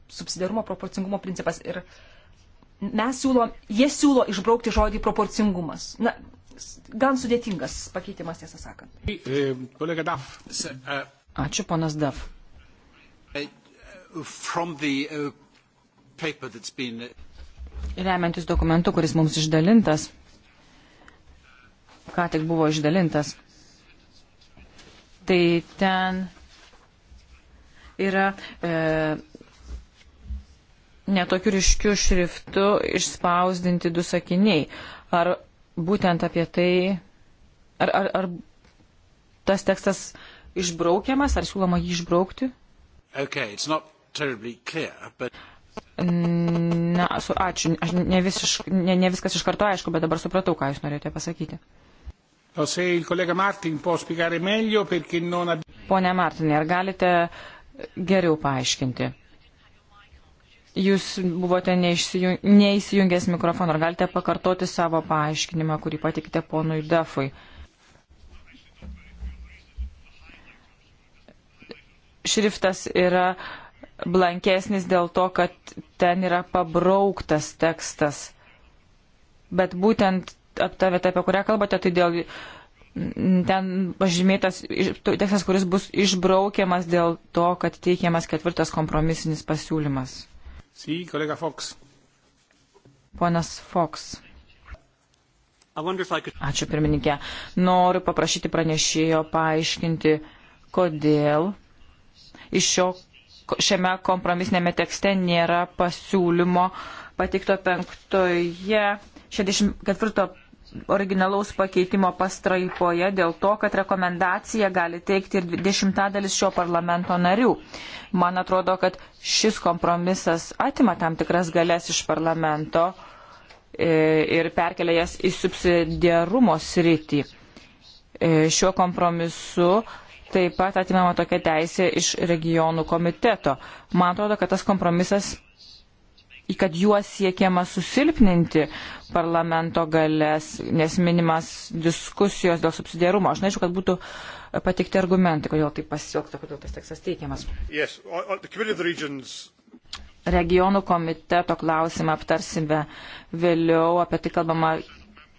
S3: subsidiarumo proporcingumo principas. Ir mes siūlo, jie siūlo išbraukti žodį proporcingumas. Na, gan sudėtingas pakeitimas, tiesą sakant. E,
S2: e,
S4: Ačiū, ponas Daf. E, Remiantis dokumentu, kuris mums išdalintas, ką tik buvo išdalintas, tai ten yra e, netokiu ryškiu šriftu išspausdinti du sakiniai. Ar būtent apie tai, ar, ar, ar tas tekstas išbraukiamas, ar siūloma jį išbraukti?
S2: Okay, clear, but...
S4: Na, su, ačiū, aš ne, visišk, ne, ne viskas iš karto aišku, bet dabar supratau, ką jūs norėjote pasakyti. Pone Martinai, ar galite geriau paaiškinti? Jūs buvote neįsijungęs mikrofoną. Ar galite pakartoti savo paaiškinimą, kurį patikite ponui Dafui? Šriftas yra blankesnis dėl to, kad ten yra pabrauktas tekstas. Bet būtent ta vieta, apie kurią kalbate, tai dėl ten pažymėtas tekstas, kuris bus išbraukiamas dėl to, kad teikiamas ketvirtas kompromisinis pasiūlymas.
S2: Sì, kolega Fox.
S4: Ponas Fox. Ačiū pirmininkė. Noriu paprašyti pranešėjo paaiškinti, kodėl iš šio, šiame kompromisinėme tekste nėra pasiūlymo patikto penktoje 64 originalaus pakeitimo pastraipoje dėl to, kad rekomendaciją gali teikti ir dešimtadalis šio parlamento narių. Man atrodo, kad šis kompromisas atima tam tikras galės iš parlamento e, ir perkelia jas į subsidiarumo sritį. E, šiuo kompromisu taip pat atimama tokia teisė iš regionų komiteto. Man atrodo, kad tas kompromisas kad juos siekiama susilpninti parlamento galės, nes minimas diskusijos dėl subsidiarumo. Aš nežinau, kad būtų patikti argumentai, kodėl tai pasielgta, kodėl tas tekstas teikiamas. Yes. Regionų komiteto klausimą aptarsime vėliau, apie tai kalbama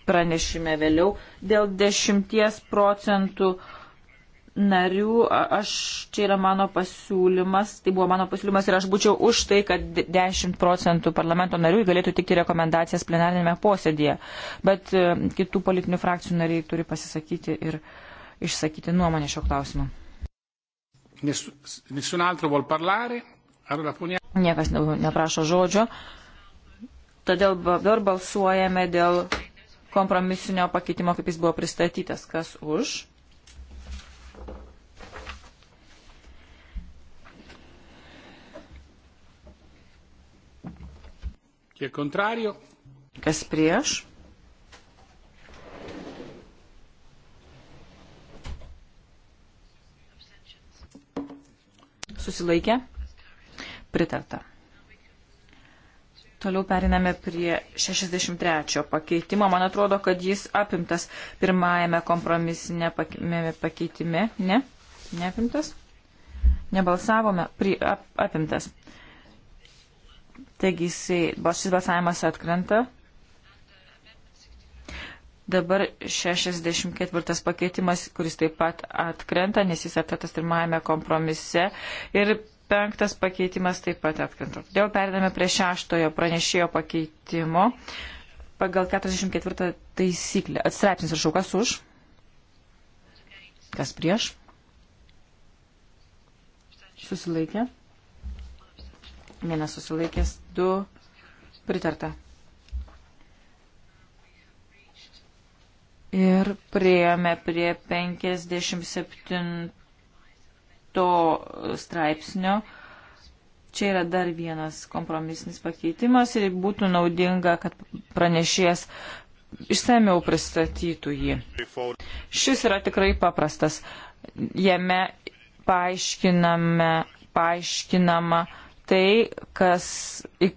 S4: pranešime vėliau, dėl 10 procentų uh, narių, aš, čia yra mano pasiūlymas, tai buvo mano pasiūlymas ir aš būčiau už tai, kad 10 procentų parlamento narių galėtų tikti rekomendacijas plenarinėme posėdėje. Bet e, kitų politinių frakcijų nariai turi pasisakyti ir išsakyti nuomonę šio klausimu. Niekas neprašo žodžio. Todėl dabar balsuojame dėl kompromisinio pakeitimo, kaip jis buvo pristatytas. Kas už?
S2: Kas
S4: prieš? Susilaikė? Pritarta. Toliau periname prie 63 pakeitimo. Man atrodo, kad jis apimtas pirmajame kompromisinėme pakeitime. Ne? Neapimtas? Nebalsavome? Pri, ap, apimtas. Taigi jisai, šis balsavimas atkrenta. Dabar 64 pakeitimas, kuris taip pat atkrenta, nes jis atkrenta pirmajame kompromise. Ir penktas pakeitimas taip pat atkrenta. Todėl perdame prie šeštojo pranešėjo pakeitimo pagal 44 taisyklę. Atstraipsnis rašau, kas už, kas prieš. Susilaikė. Vienas susilaikęs, du pritarta. Ir priejome prie 57 straipsnio. Čia yra dar vienas kompromisinis pakeitimas ir būtų naudinga, kad pranešėjas išsameu pristatytų jį. Šis yra tikrai paprastas. Jame paaiškiname, paaiškinama tai, kas, e,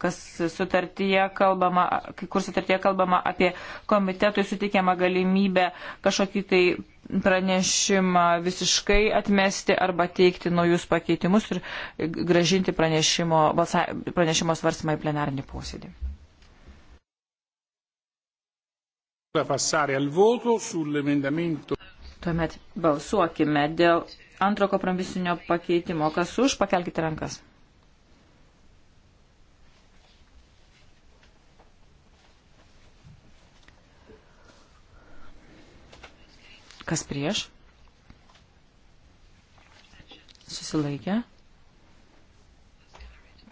S4: kas sutartyje kalbama, kai kur sutartyje kalbama apie komitetui suteikiamą galimybę kažkokį tai pranešimą visiškai atmesti arba teikti naujus pakeitimus ir gražinti pranešimo, balsa, pranešimo svarstymą į plenarinį posėdį. Tuomet balsuokime dėl antro kompromisinio pakeitimo. Kas už, pakelkite rankas. Kas prieš? Susilaikė.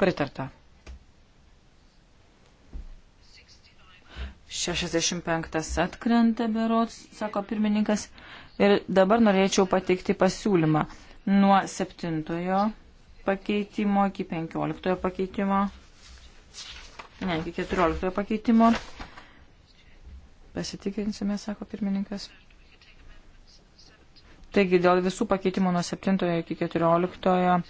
S4: Pritarta. 65 atkrenta berots, sako pirmininkas. Ir dabar norėčiau pateikti pasiūlymą nuo 7 pakeitimo iki 15 pakeitimo, ne, iki 14 pakeitimo. Pasitikinsime, sako pirmininkas. Taigi dėl visų pakeitimų nuo 7 iki 14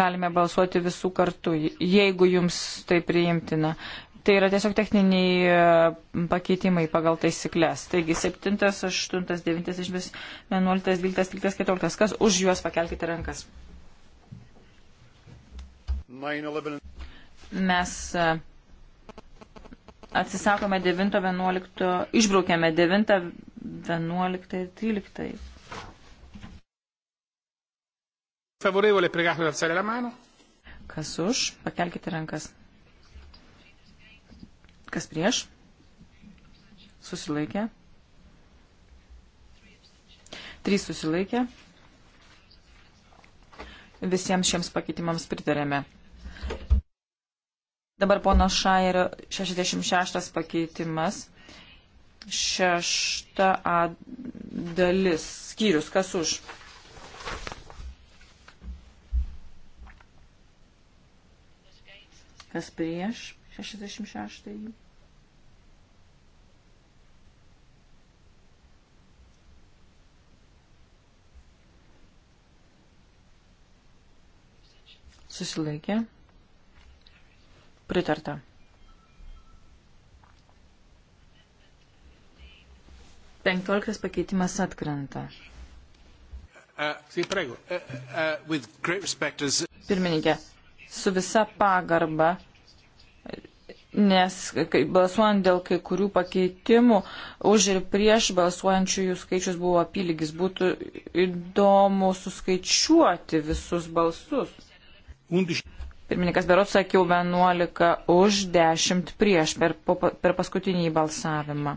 S4: galime balsuoti visų kartų, jeigu jums tai priimtina. Tai yra tiesiog techniniai e, pakeitimai pagal taisyklės. Taigi 7, 8, 9, 11, 12, 13, 14. Kas už juos pakelkite rankas? Mes e, atsisakome 9, 11, išbraukėme 9, 11 ir 13.
S2: Favorevole, pregato alzare
S4: la mano. Kas už? Pakelkite rankas. Kas prieš? Susilaikė. Trys susilaikė. Visiems šiems pakeitimams pritarėme. Dabar pono Šairio 66 pakeitimas. Šešta A dalis. Skyrius, kas už? Kas prieš? 66. Susilaikė. Pritarta. Penkioliktas pakeitimas atkrenta.
S2: Uh, uh, uh,
S4: Pirmininkė, su visa pagarba nes kai balsuojant dėl kai kurių pakeitimų, už ir prieš balsuojančiųjų skaičius buvo apylygis. Būtų įdomu suskaičiuoti visus balsus. Pirmininkas Berot sakiau 11 už 10 prieš per, per paskutinį balsavimą.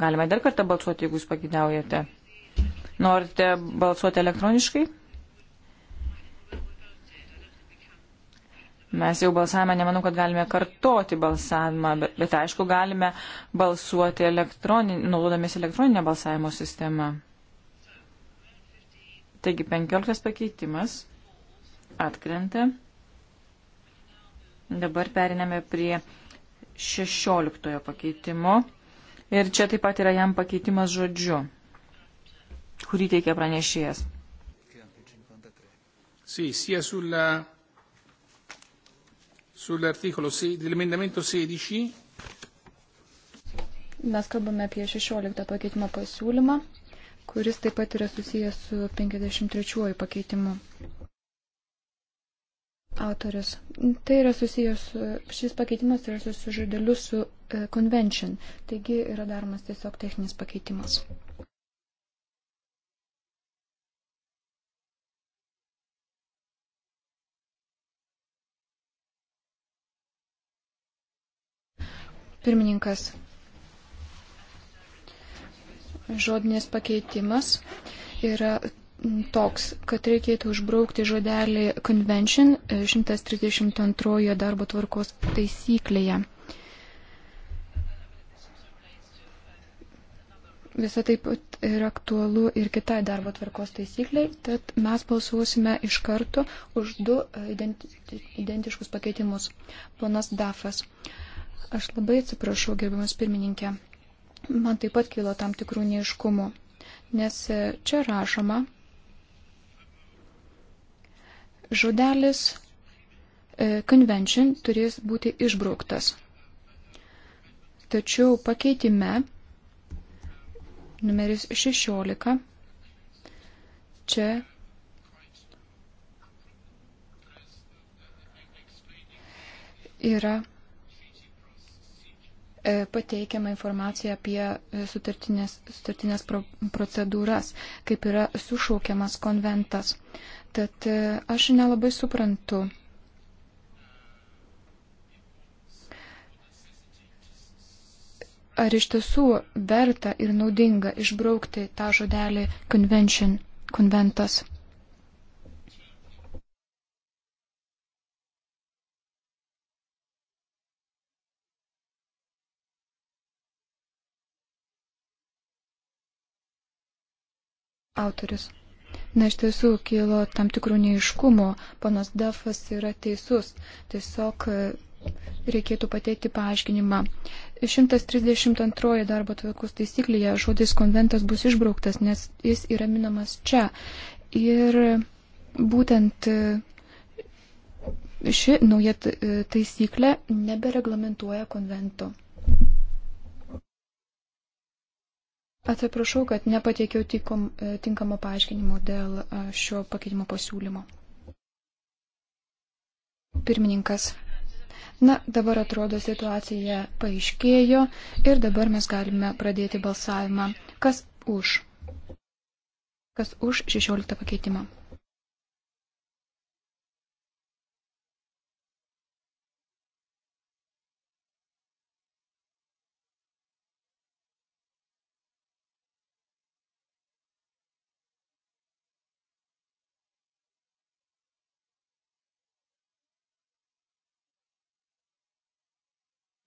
S4: Galima dar kartą balsuoti, jeigu jūs pagidaujate. Norite balsuoti elektroniškai? Mes jau balsavimą nemanau, kad galime kartoti balsavimą, bet, bet aišku, galime balsuoti elektronin, naudodamės elektroninę balsavimo sistemą. Taigi 15 pakeitimas atkrenta. Dabar periname prie 16 pakeitimo. Ir čia taip pat yra jam pakeitimas žodžiu, kurį teikia pranešėjas.
S2: Sì, sia sulla sull'articolo dell'emendamento 16.
S1: Mes kalbame apie 16 pakeitimo pasiūlymą, kuris taip pat yra susijęs su 53 pakeitimu. Autoris. Tai yra susijęs, šis pakeitimas yra su žodeliu su e, convention, taigi yra daromas tiesiog techninis pakeitimas. Pirmininkas. Žodinės pakeitimas yra toks, kad reikėtų užbraukti žodelį Convention 132 darbo tvarkos taisyklėje. Visą taip pat yra aktualu ir kitai darbo tvarkos taisykliai, tad mes balsuosime iš karto už du identi identiškus pakeitimus. Ponas Dafas. Uh, Aš labai atsiprašau, gerbiamas pirmininkė. Man taip pat kilo tam tikrų neiškumų, nes čia rašoma žodelis e, convention turės būti išbrauktas. Tačiau pakeitime numeris 16 čia yra E, pateikiama informacija apie e, sutartinės, sutartinės pro, procedūras, kaip yra sušaukiamas konventas. Tad e, aš nelabai suprantu. Ar iš tiesų verta ir naudinga išbraukti tą žodelį convention, konventas? autorius. Na, iš tiesų, kilo tam tikrų neiškumų. Panas Dafas yra teisus. Tiesiog e, reikėtų pateikti paaiškinimą. 132 darbo tvarkos taisyklėje žodis konventas bus išbrauktas, nes jis yra minamas čia. Ir būtent e, ši nauja e, taisyklė nebereglamentuoja konvento. Atsiprašau, kad nepateikiau tikom, e, tinkamo paaiškinimo dėl e, šio pakeitimo pasiūlymo. Pirmininkas. Na, dabar atrodo situacija paaiškėjo ir dabar mes galime pradėti balsavimą. Kas už? Kas už 16 pakeitimą?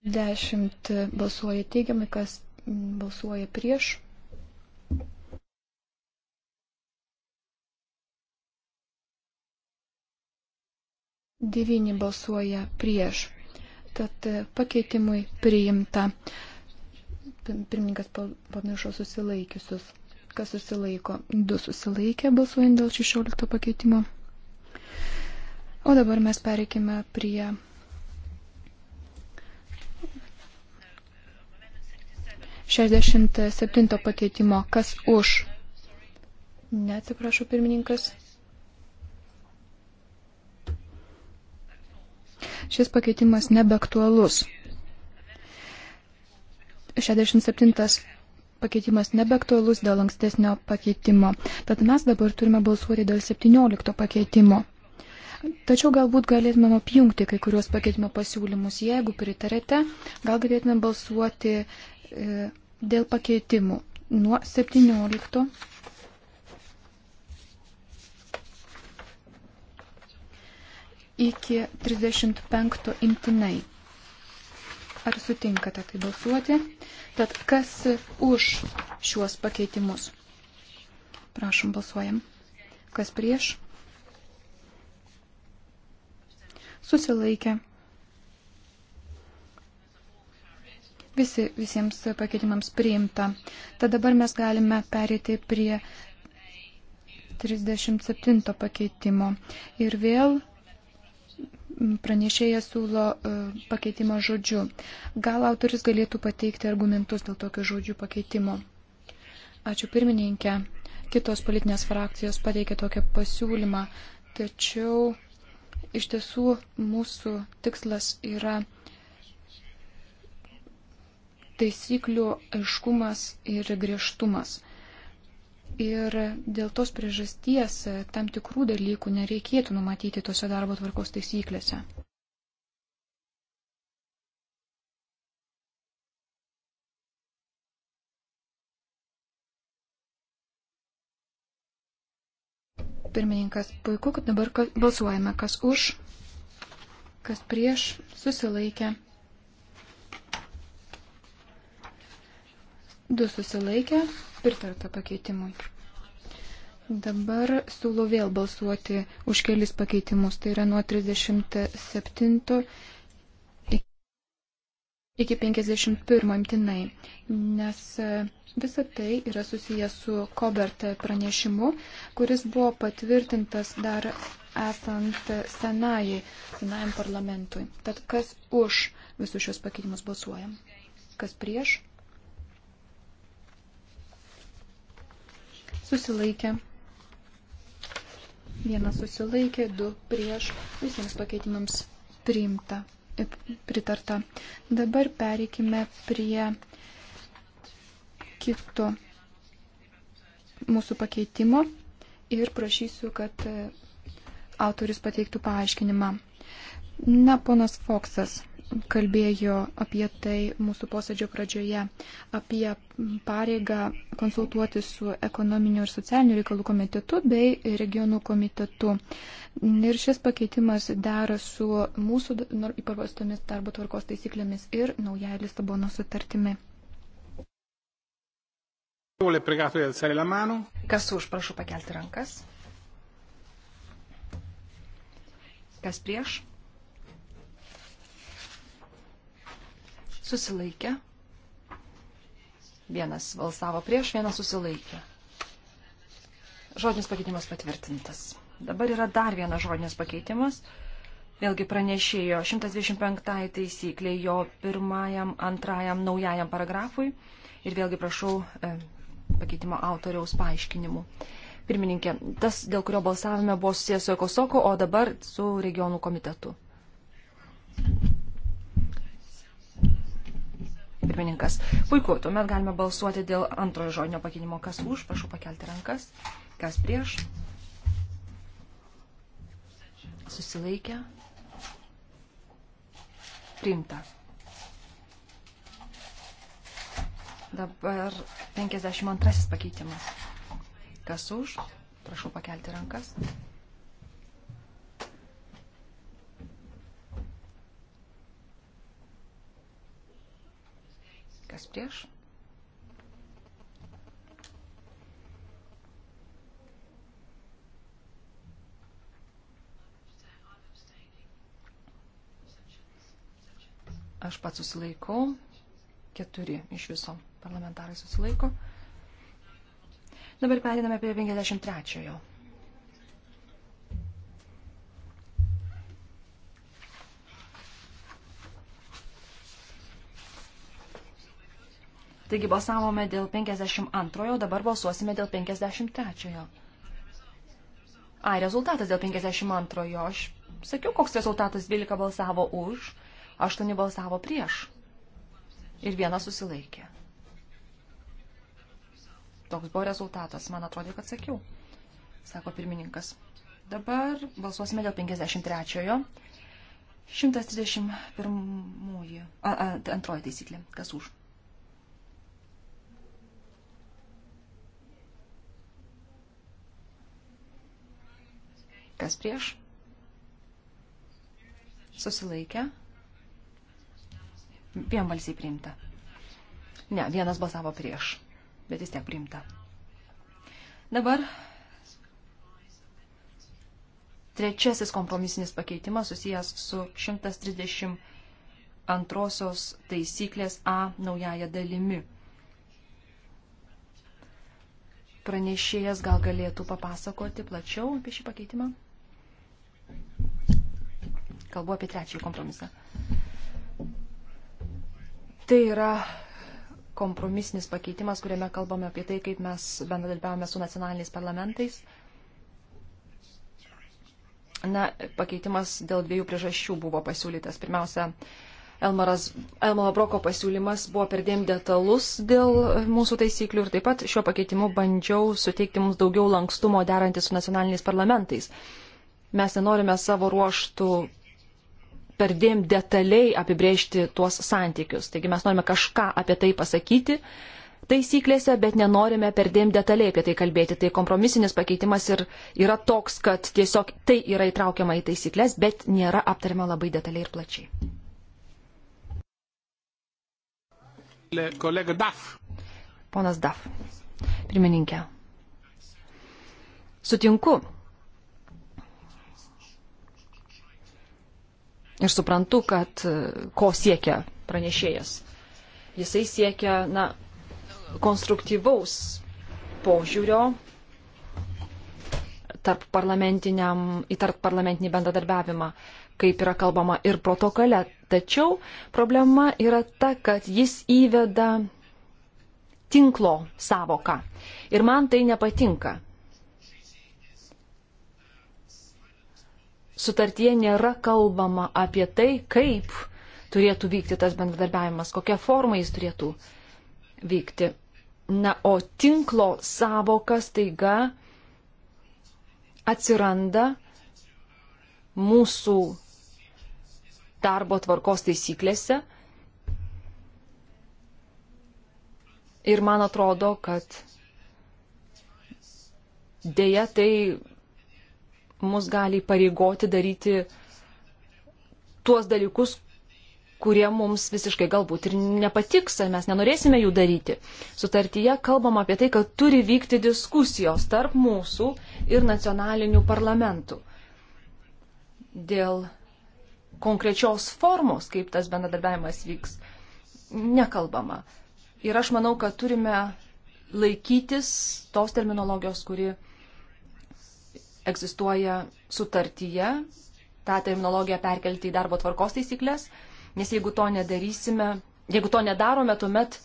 S1: Dešimt balsuoja teigiamai, kas balsuoja prieš. Devyni balsuoja prieš. Tad pakeitimui priimta. Pirmininkas pamiršo susilaikiusius. Kas susilaiko? Du susilaikė balsuojant dėl 16 pakeitimo. O dabar mes pereikime prie 67 pakeitimo. Kas už? Neatsiprašau, pirmininkas. Šis pakeitimas nebeaktualus. 67 pakeitimas nebeaktualus dėl ankstesnio pakeitimo. Tad mes dabar turime balsuoti dėl 17 pakeitimo. Tačiau galbūt galėtume apjungti kai kuriuos pakeitimo pasiūlymus. Jeigu pritarėte, gal galėtume balsuoti E, dėl pakeitimų nuo 17 iki 35 imtinai. Ar sutinkate tai balsuoti? Tad kas už šiuos pakeitimus? Prašom, balsuojam. Kas prieš? Susilaikė. Visi, visiems pakeitimams priimta. Tad dabar mes galime perėti prie 37 pakeitimo. Ir vėl pranešėjas siūlo e, pakeitimo žodžiu. Gal autoris galėtų pateikti argumentus dėl tokio žodžių pakeitimo. Ačiū pirmininkė. Kitos politinės frakcijos pateikė tokią pasiūlymą, tačiau iš tiesų mūsų tikslas yra taisyklių aiškumas ir griežtumas. Ir dėl tos priežasties e, tam tikrų dalykų nereikėtų numatyti tose darbo tvarkos taisyklėse. Pirmininkas, puiku, kad dabar balsuojame, kas už, kas prieš, susilaikė, Du susilaikę, pritarta pakeitimui. Dabar siūlau vėl balsuoti už kelis pakeitimus. Tai yra nuo 37 iki 51 imtinai, nes e, visa tai yra susijęs su Kobert pranešimu, kuris buvo patvirtintas dar esant senajai, senajam parlamentui. Tad kas už visus šios pakeitimus balsuojam? Kas prieš? susilaikė. Vienas susilaikė, du prieš, visiems pakeitimams priimta, pritarta. Dabar pereikime prie kito mūsų pakeitimo ir prašysiu, kad e, autorius pateiktų paaiškinimą. Na, ponas Foksas kalbėjo apie tai mūsų posėdžio pradžioje, apie pareigą konsultuoti su ekonominiu ir socialiniu reikalų komitetu bei regionų komitetu. Ir šis pakeitimas dera su mūsų įpaprastomis darbo tvarkos taisyklėmis ir nauja Lisabono sutartimi.
S3: Kas už, prašau pakelti rankas. Kas prieš? susilaikė. Vienas balsavo prieš, vienas susilaikė. Žodinis pakeitimas patvirtintas. Dabar yra dar vienas žodinis pakeitimas. Vėlgi pranešėjo 125 taisyklė jo pirmajam, antrajam, naujajam paragrafui. Ir vėlgi prašau e, pakeitimo autoriaus paaiškinimų. Pirmininkė, tas, dėl kurio balsavime buvo susijęs su Ekosoko, o dabar su regionų komitetu pirmininkas. Puiku, tuomet galime balsuoti dėl antrojo žodinio pakeitimo. Kas už, prašau pakelti rankas. Kas prieš? Susilaikę. Priimta. Dabar 52 pakeitimas. Kas už? Prašau pakelti rankas. kas prieš. Aš pats susilaikau, keturi iš viso parlamentarai susilaiko. Dabar periname prie 53-ojo. Taigi balsavome dėl 52, dabar balsuosime dėl 53. A, rezultatas dėl 52. Aš sakiau, koks rezultatas 12 balsavo už, 8 balsavo prieš ir vienas susilaikė. Toks buvo rezultatas, man atrodo, kad sakiau, sako pirmininkas. Dabar balsuosime dėl 53-ojo. 131 antroji taisyklė. Kas už? Kas prieš? Susilaikę. Vienbalsiai priimta. Ne, vienas balsavo prieš, bet vis tiek priimta. Dabar trečiasis kompromisinis pakeitimas susijęs su 132 taisyklės A naujaja dalimi. Pranešėjas gal galėtų papasakoti plačiau apie šį pakeitimą? Kalbu apie trečiąjį kompromisą. Tai yra kompromisinis pakeitimas, kuriame kalbame apie tai, kaip mes bendradarbiavome su nacionaliniais parlamentais. Na, pakeitimas dėl dviejų priežasčių buvo pasiūlytas. Pirmiausia, Elmaras, Elmaro Broko pasiūlymas buvo perdėm detalus dėl mūsų taisyklių ir taip pat šiuo pakeitimu bandžiau suteikti mums daugiau lankstumo derantį su nacionaliniais parlamentais. Mes nenorime savo ruoštų perdėm detaliai apibrėžti tuos santykius. Taigi mes norime kažką apie tai pasakyti taisyklėse, bet nenorime perdėm detaliai apie tai kalbėti. Tai kompromisinis pakeitimas ir yra toks, kad tiesiog tai yra įtraukiama į taisyklės, bet nėra aptariama labai detaliai ir plačiai.
S2: Kolega Daf.
S3: Ponas Daf. Pirmininkė. Sutinku ir suprantu, kad e, ko siekia pranešėjas. Jisai siekia, na, konstruktyvaus požiūrio tarp parlamentiniam, į tarp parlamentinį bendradarbiavimą, kaip yra kalbama ir protokole. Tačiau problema yra ta, kad jis įveda tinklo savoką. Ir man tai nepatinka. sutartie nėra kalbama apie tai, kaip turėtų vykti tas bendradarbiavimas, kokia forma jis turėtų vykti. Na, o tinklo savokas taiga atsiranda mūsų darbo tvarkos taisyklėse. Ir man atrodo, kad dėja tai mus gali pareigoti daryti tuos dalykus, kurie mums visiškai galbūt ir nepatiks, ar mes nenorėsime jų daryti. Sutartyje kalbam apie tai, kad turi vykti diskusijos tarp mūsų ir nacionalinių parlamentų dėl konkrečios formos, kaip tas bendradarbiavimas vyks, nekalbama. Ir aš manau, kad turime laikytis tos terminologijos, kuri egzistuoja sutartyje, tą terminologiją perkelti į darbo tvarkos taisyklės, nes jeigu to nedarysime, jeigu to nedarome, tuomet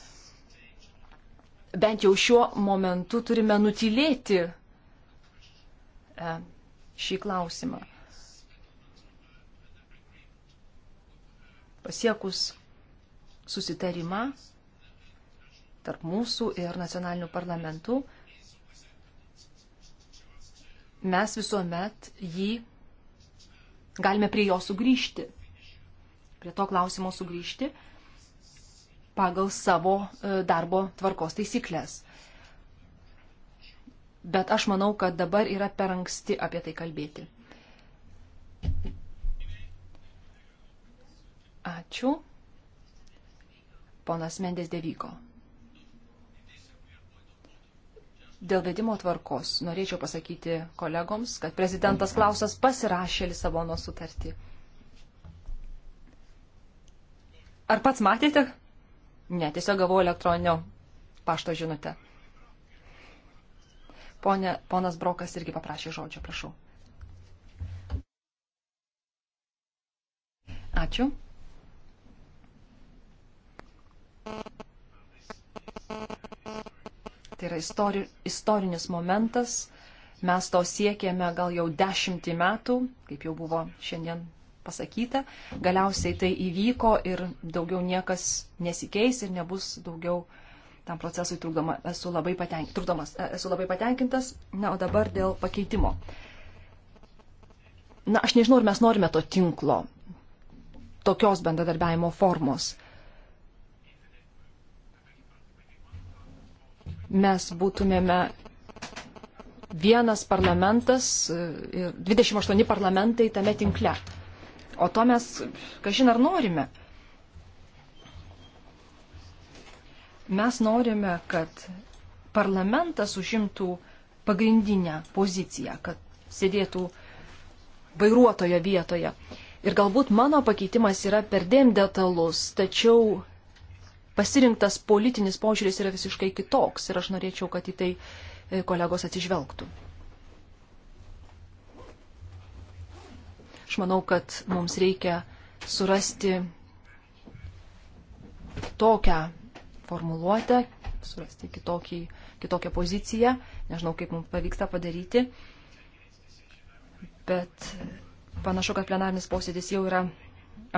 S3: bent jau šiuo momentu turime nutilėti e, šį klausimą. Pasiekus susitarimą tarp mūsų ir nacionalinių parlamentų, mes visuomet jį galime prie jo sugrįžti, prie to klausimo sugrįžti pagal savo e, darbo tvarkos taisyklės. Bet aš manau, kad dabar yra per anksti apie tai kalbėti. Ačiū. Ponas Mendes Devyko. Dėl vedimo tvarkos norėčiau pasakyti kolegoms, kad prezidentas Klausas pasirašė Lisabono sutartį. Ar pats matėte? Ne, tiesiog gavau elektroninio pašto žinutę. Pone, ponas Brokas irgi paprašė žodžio, prašau. Ačiū. Thank you. Tai yra istori, istorinis momentas. Mes to siekėme gal jau dešimtį metų, kaip jau buvo šiandien pasakyta. Galiausiai tai įvyko ir daugiau niekas nesikeis ir nebus daugiau tam procesui trukdoma. Esu labai, patenk, trukdomas, e, esu labai patenkintas. Na, o dabar dėl pakeitimo. Na, aš nežinau, ar mes norime to tinklo, tokios bendradarbiavimo formos. mes būtumėme vienas parlamentas e, ir 28 parlamentai tame tinkle. O to mes, kažin ar norime. Mes norime, kad parlamentas užimtų pagrindinę poziciją, kad sėdėtų vairuotojo vietoje. Ir galbūt mano pakeitimas yra perdėm detalus, tačiau pasirinktas politinis požiūris yra visiškai kitoks ir aš norėčiau, kad į tai e, kolegos atsižvelgtų. Aš manau, kad mums reikia surasti kitokią formuluotę, surasti kitokį, kitokią poziciją. Nežinau, kaip mums pavyksta padaryti, bet panašu, kad plenarnis posėdis jau yra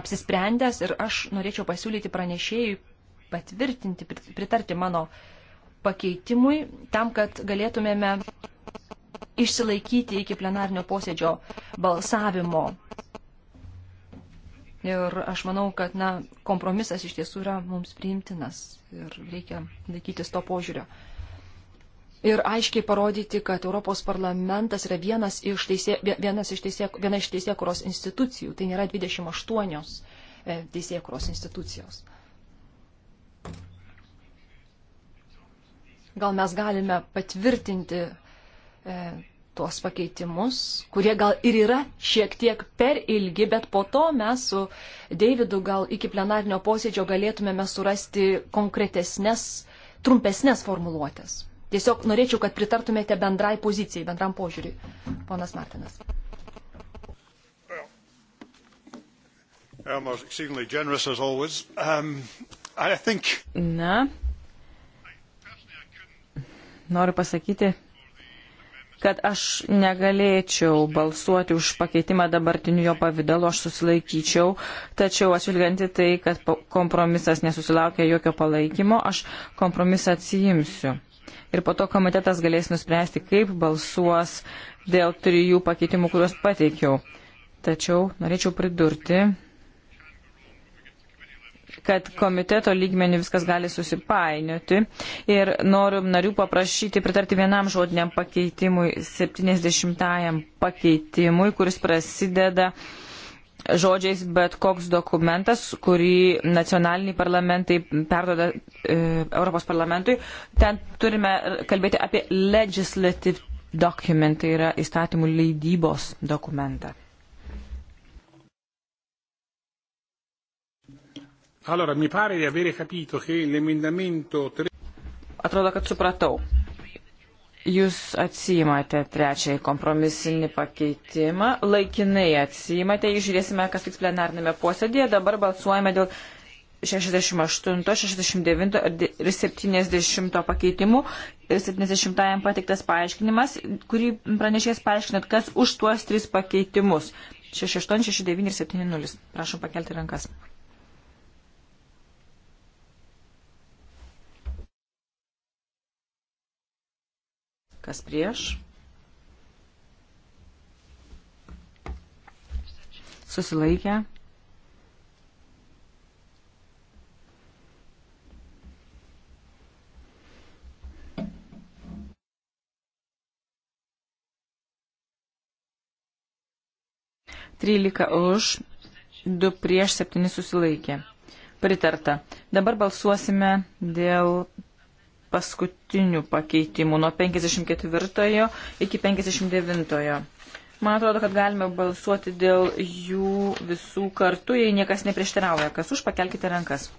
S3: apsisprendęs ir aš norėčiau pasiūlyti pranešėjui patvirtinti, pritarti mano pakeitimui, tam, kad galėtumėme išsilaikyti iki plenarnio posėdžio balsavimo. Ir aš manau, kad na, kompromisas iš tiesų yra mums priimtinas ir reikia laikytis to požiūrio. Ir aiškiai parodyti, kad Europos parlamentas yra vienas iš teisė, vienas iš teisė, viena iš teisėkuros institucijų, tai nėra 28 e, teisėkuros institucijos. Gal mes galime patvirtinti e, tuos pakeitimus, kurie gal ir yra šiek tiek per ilgi, bet po to mes su Deividu gal iki plenarnio posėdžio galėtumėme surasti konkretesnės, trumpesnės formuluotės. Tiesiog norėčiau, kad pritartumėte bendrai pozicijai, bendram požiūriui. Ponas Martinas.
S2: Um,
S4: Na, noriu pasakyti, kad aš negalėčiau balsuoti už pakeitimą dabartiniu jo pavydalu, aš susilaikyčiau, tačiau atsižvelgianti tai, kad kompromisas nesusilaukė jokio palaikymo, aš kompromisą atsijimsiu. Ir po to komitetas galės nuspręsti, kaip balsuos dėl trijų pakeitimų, kuriuos pateikiau. Tačiau norėčiau pridurti, kad komiteto lygmenių viskas gali susipainioti. Ir noriu narių paprašyti pritarti vienam žodiniam pakeitimui, 70-ajam pakeitimui, kuris prasideda žodžiais bet koks dokumentas, kurį nacionaliniai parlamentai perdoda e, Europos parlamentui. Ten turime kalbėti apie legislative document, tai yra įstatymų leidybos dokumentą.
S2: Allora, mi pare di avere capito che l'emendamento 3... Atrodo, kad supratau.
S4: Jūs atsijimate trečiąjį kompromisinį pakeitimą, laikinai atsijimate, žiūrėsime, kas vyks plenarnėme posėdėje, dabar balsuojame dėl 68, 69 ir 70 pakeitimų ir 70 pateiktas paaiškinimas, kurį pranešės paaiškinat, kas už tuos tris pakeitimus. 68, 69 ir 70. Prašom pakelti rankas. Kas prieš? Susilaikę. Trylika už, du prieš, septyni susilaikė. Pritarta. Dabar balsuosime dėl paskutinių pakeitimų nuo 54 iki 59. Man atrodo, kad galime balsuoti dėl jų visų kartu, jei niekas neprieštarauja. Kas už, pakelkite rankas.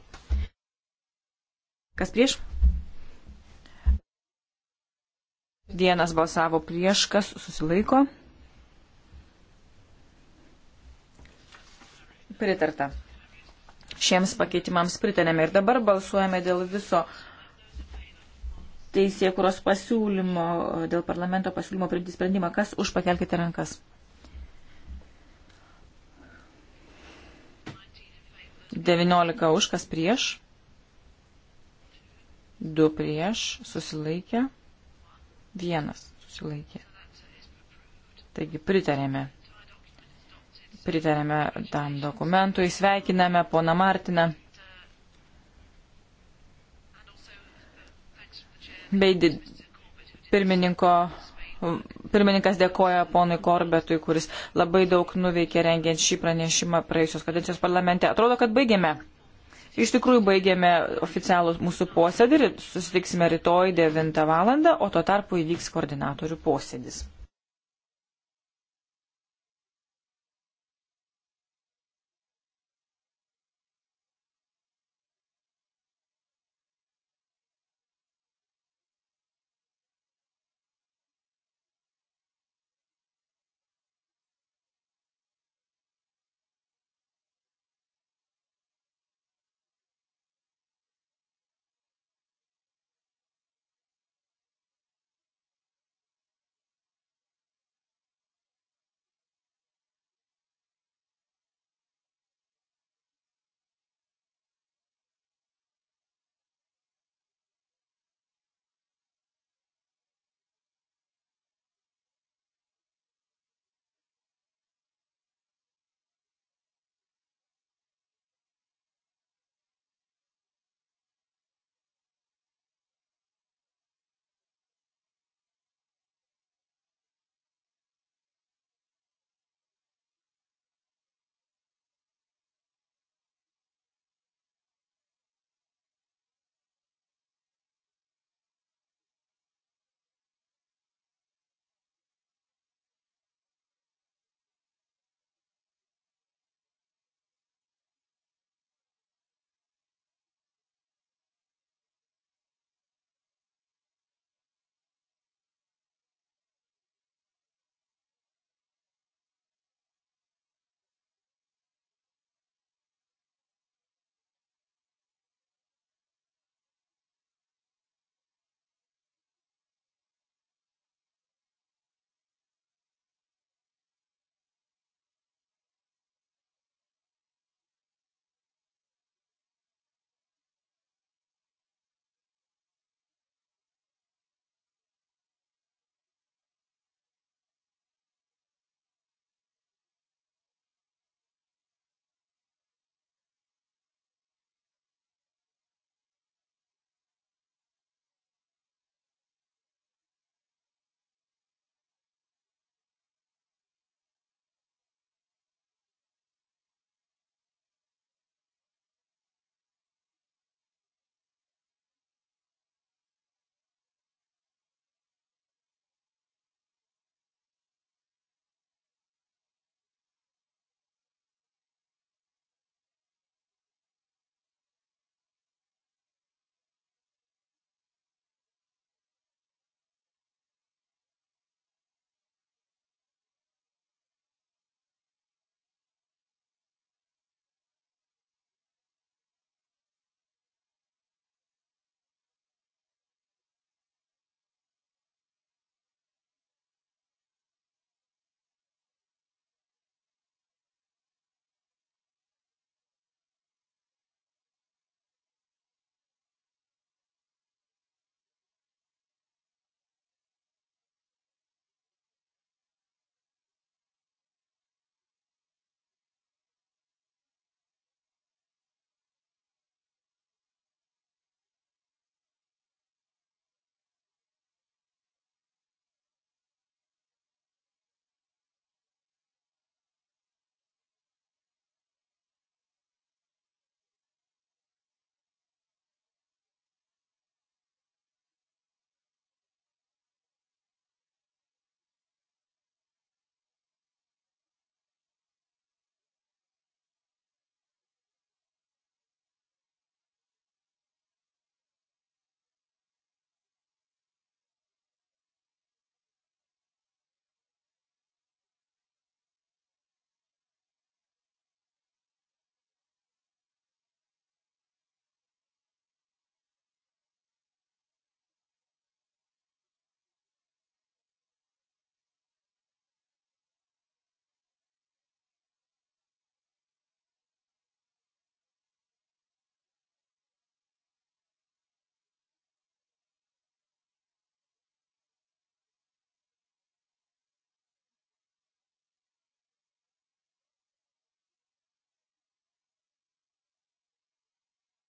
S4: Kas prieš? Vienas balsavo prieš, kas susilaiko. Pritarta. Šiems pakeitimams pritarėme ir dabar balsuojame dėl viso teisėkuros pasiūlymo, dėl parlamento pasiūlymo priimti sprendimą. Kas už pakelkite rankas? Devyniolika už, kas prieš? Du prieš, susilaikė. Vienas susilaikė. Taigi pritarėme. Pritarėme tam dokumentui, sveikiname poną Martiną. bei did, pirmininko. Pirmininkas dėkoja ponui Korbetui, kuris labai daug nuveikė rengiant šį pranešimą praėjusios kadencijos parlamente. Atrodo, kad baigėme. Iš tikrųjų baigėme oficialų mūsų posėdį ir susitiksime rytoj 9 val. o tuo tarpu įvyks koordinatorių posėdis.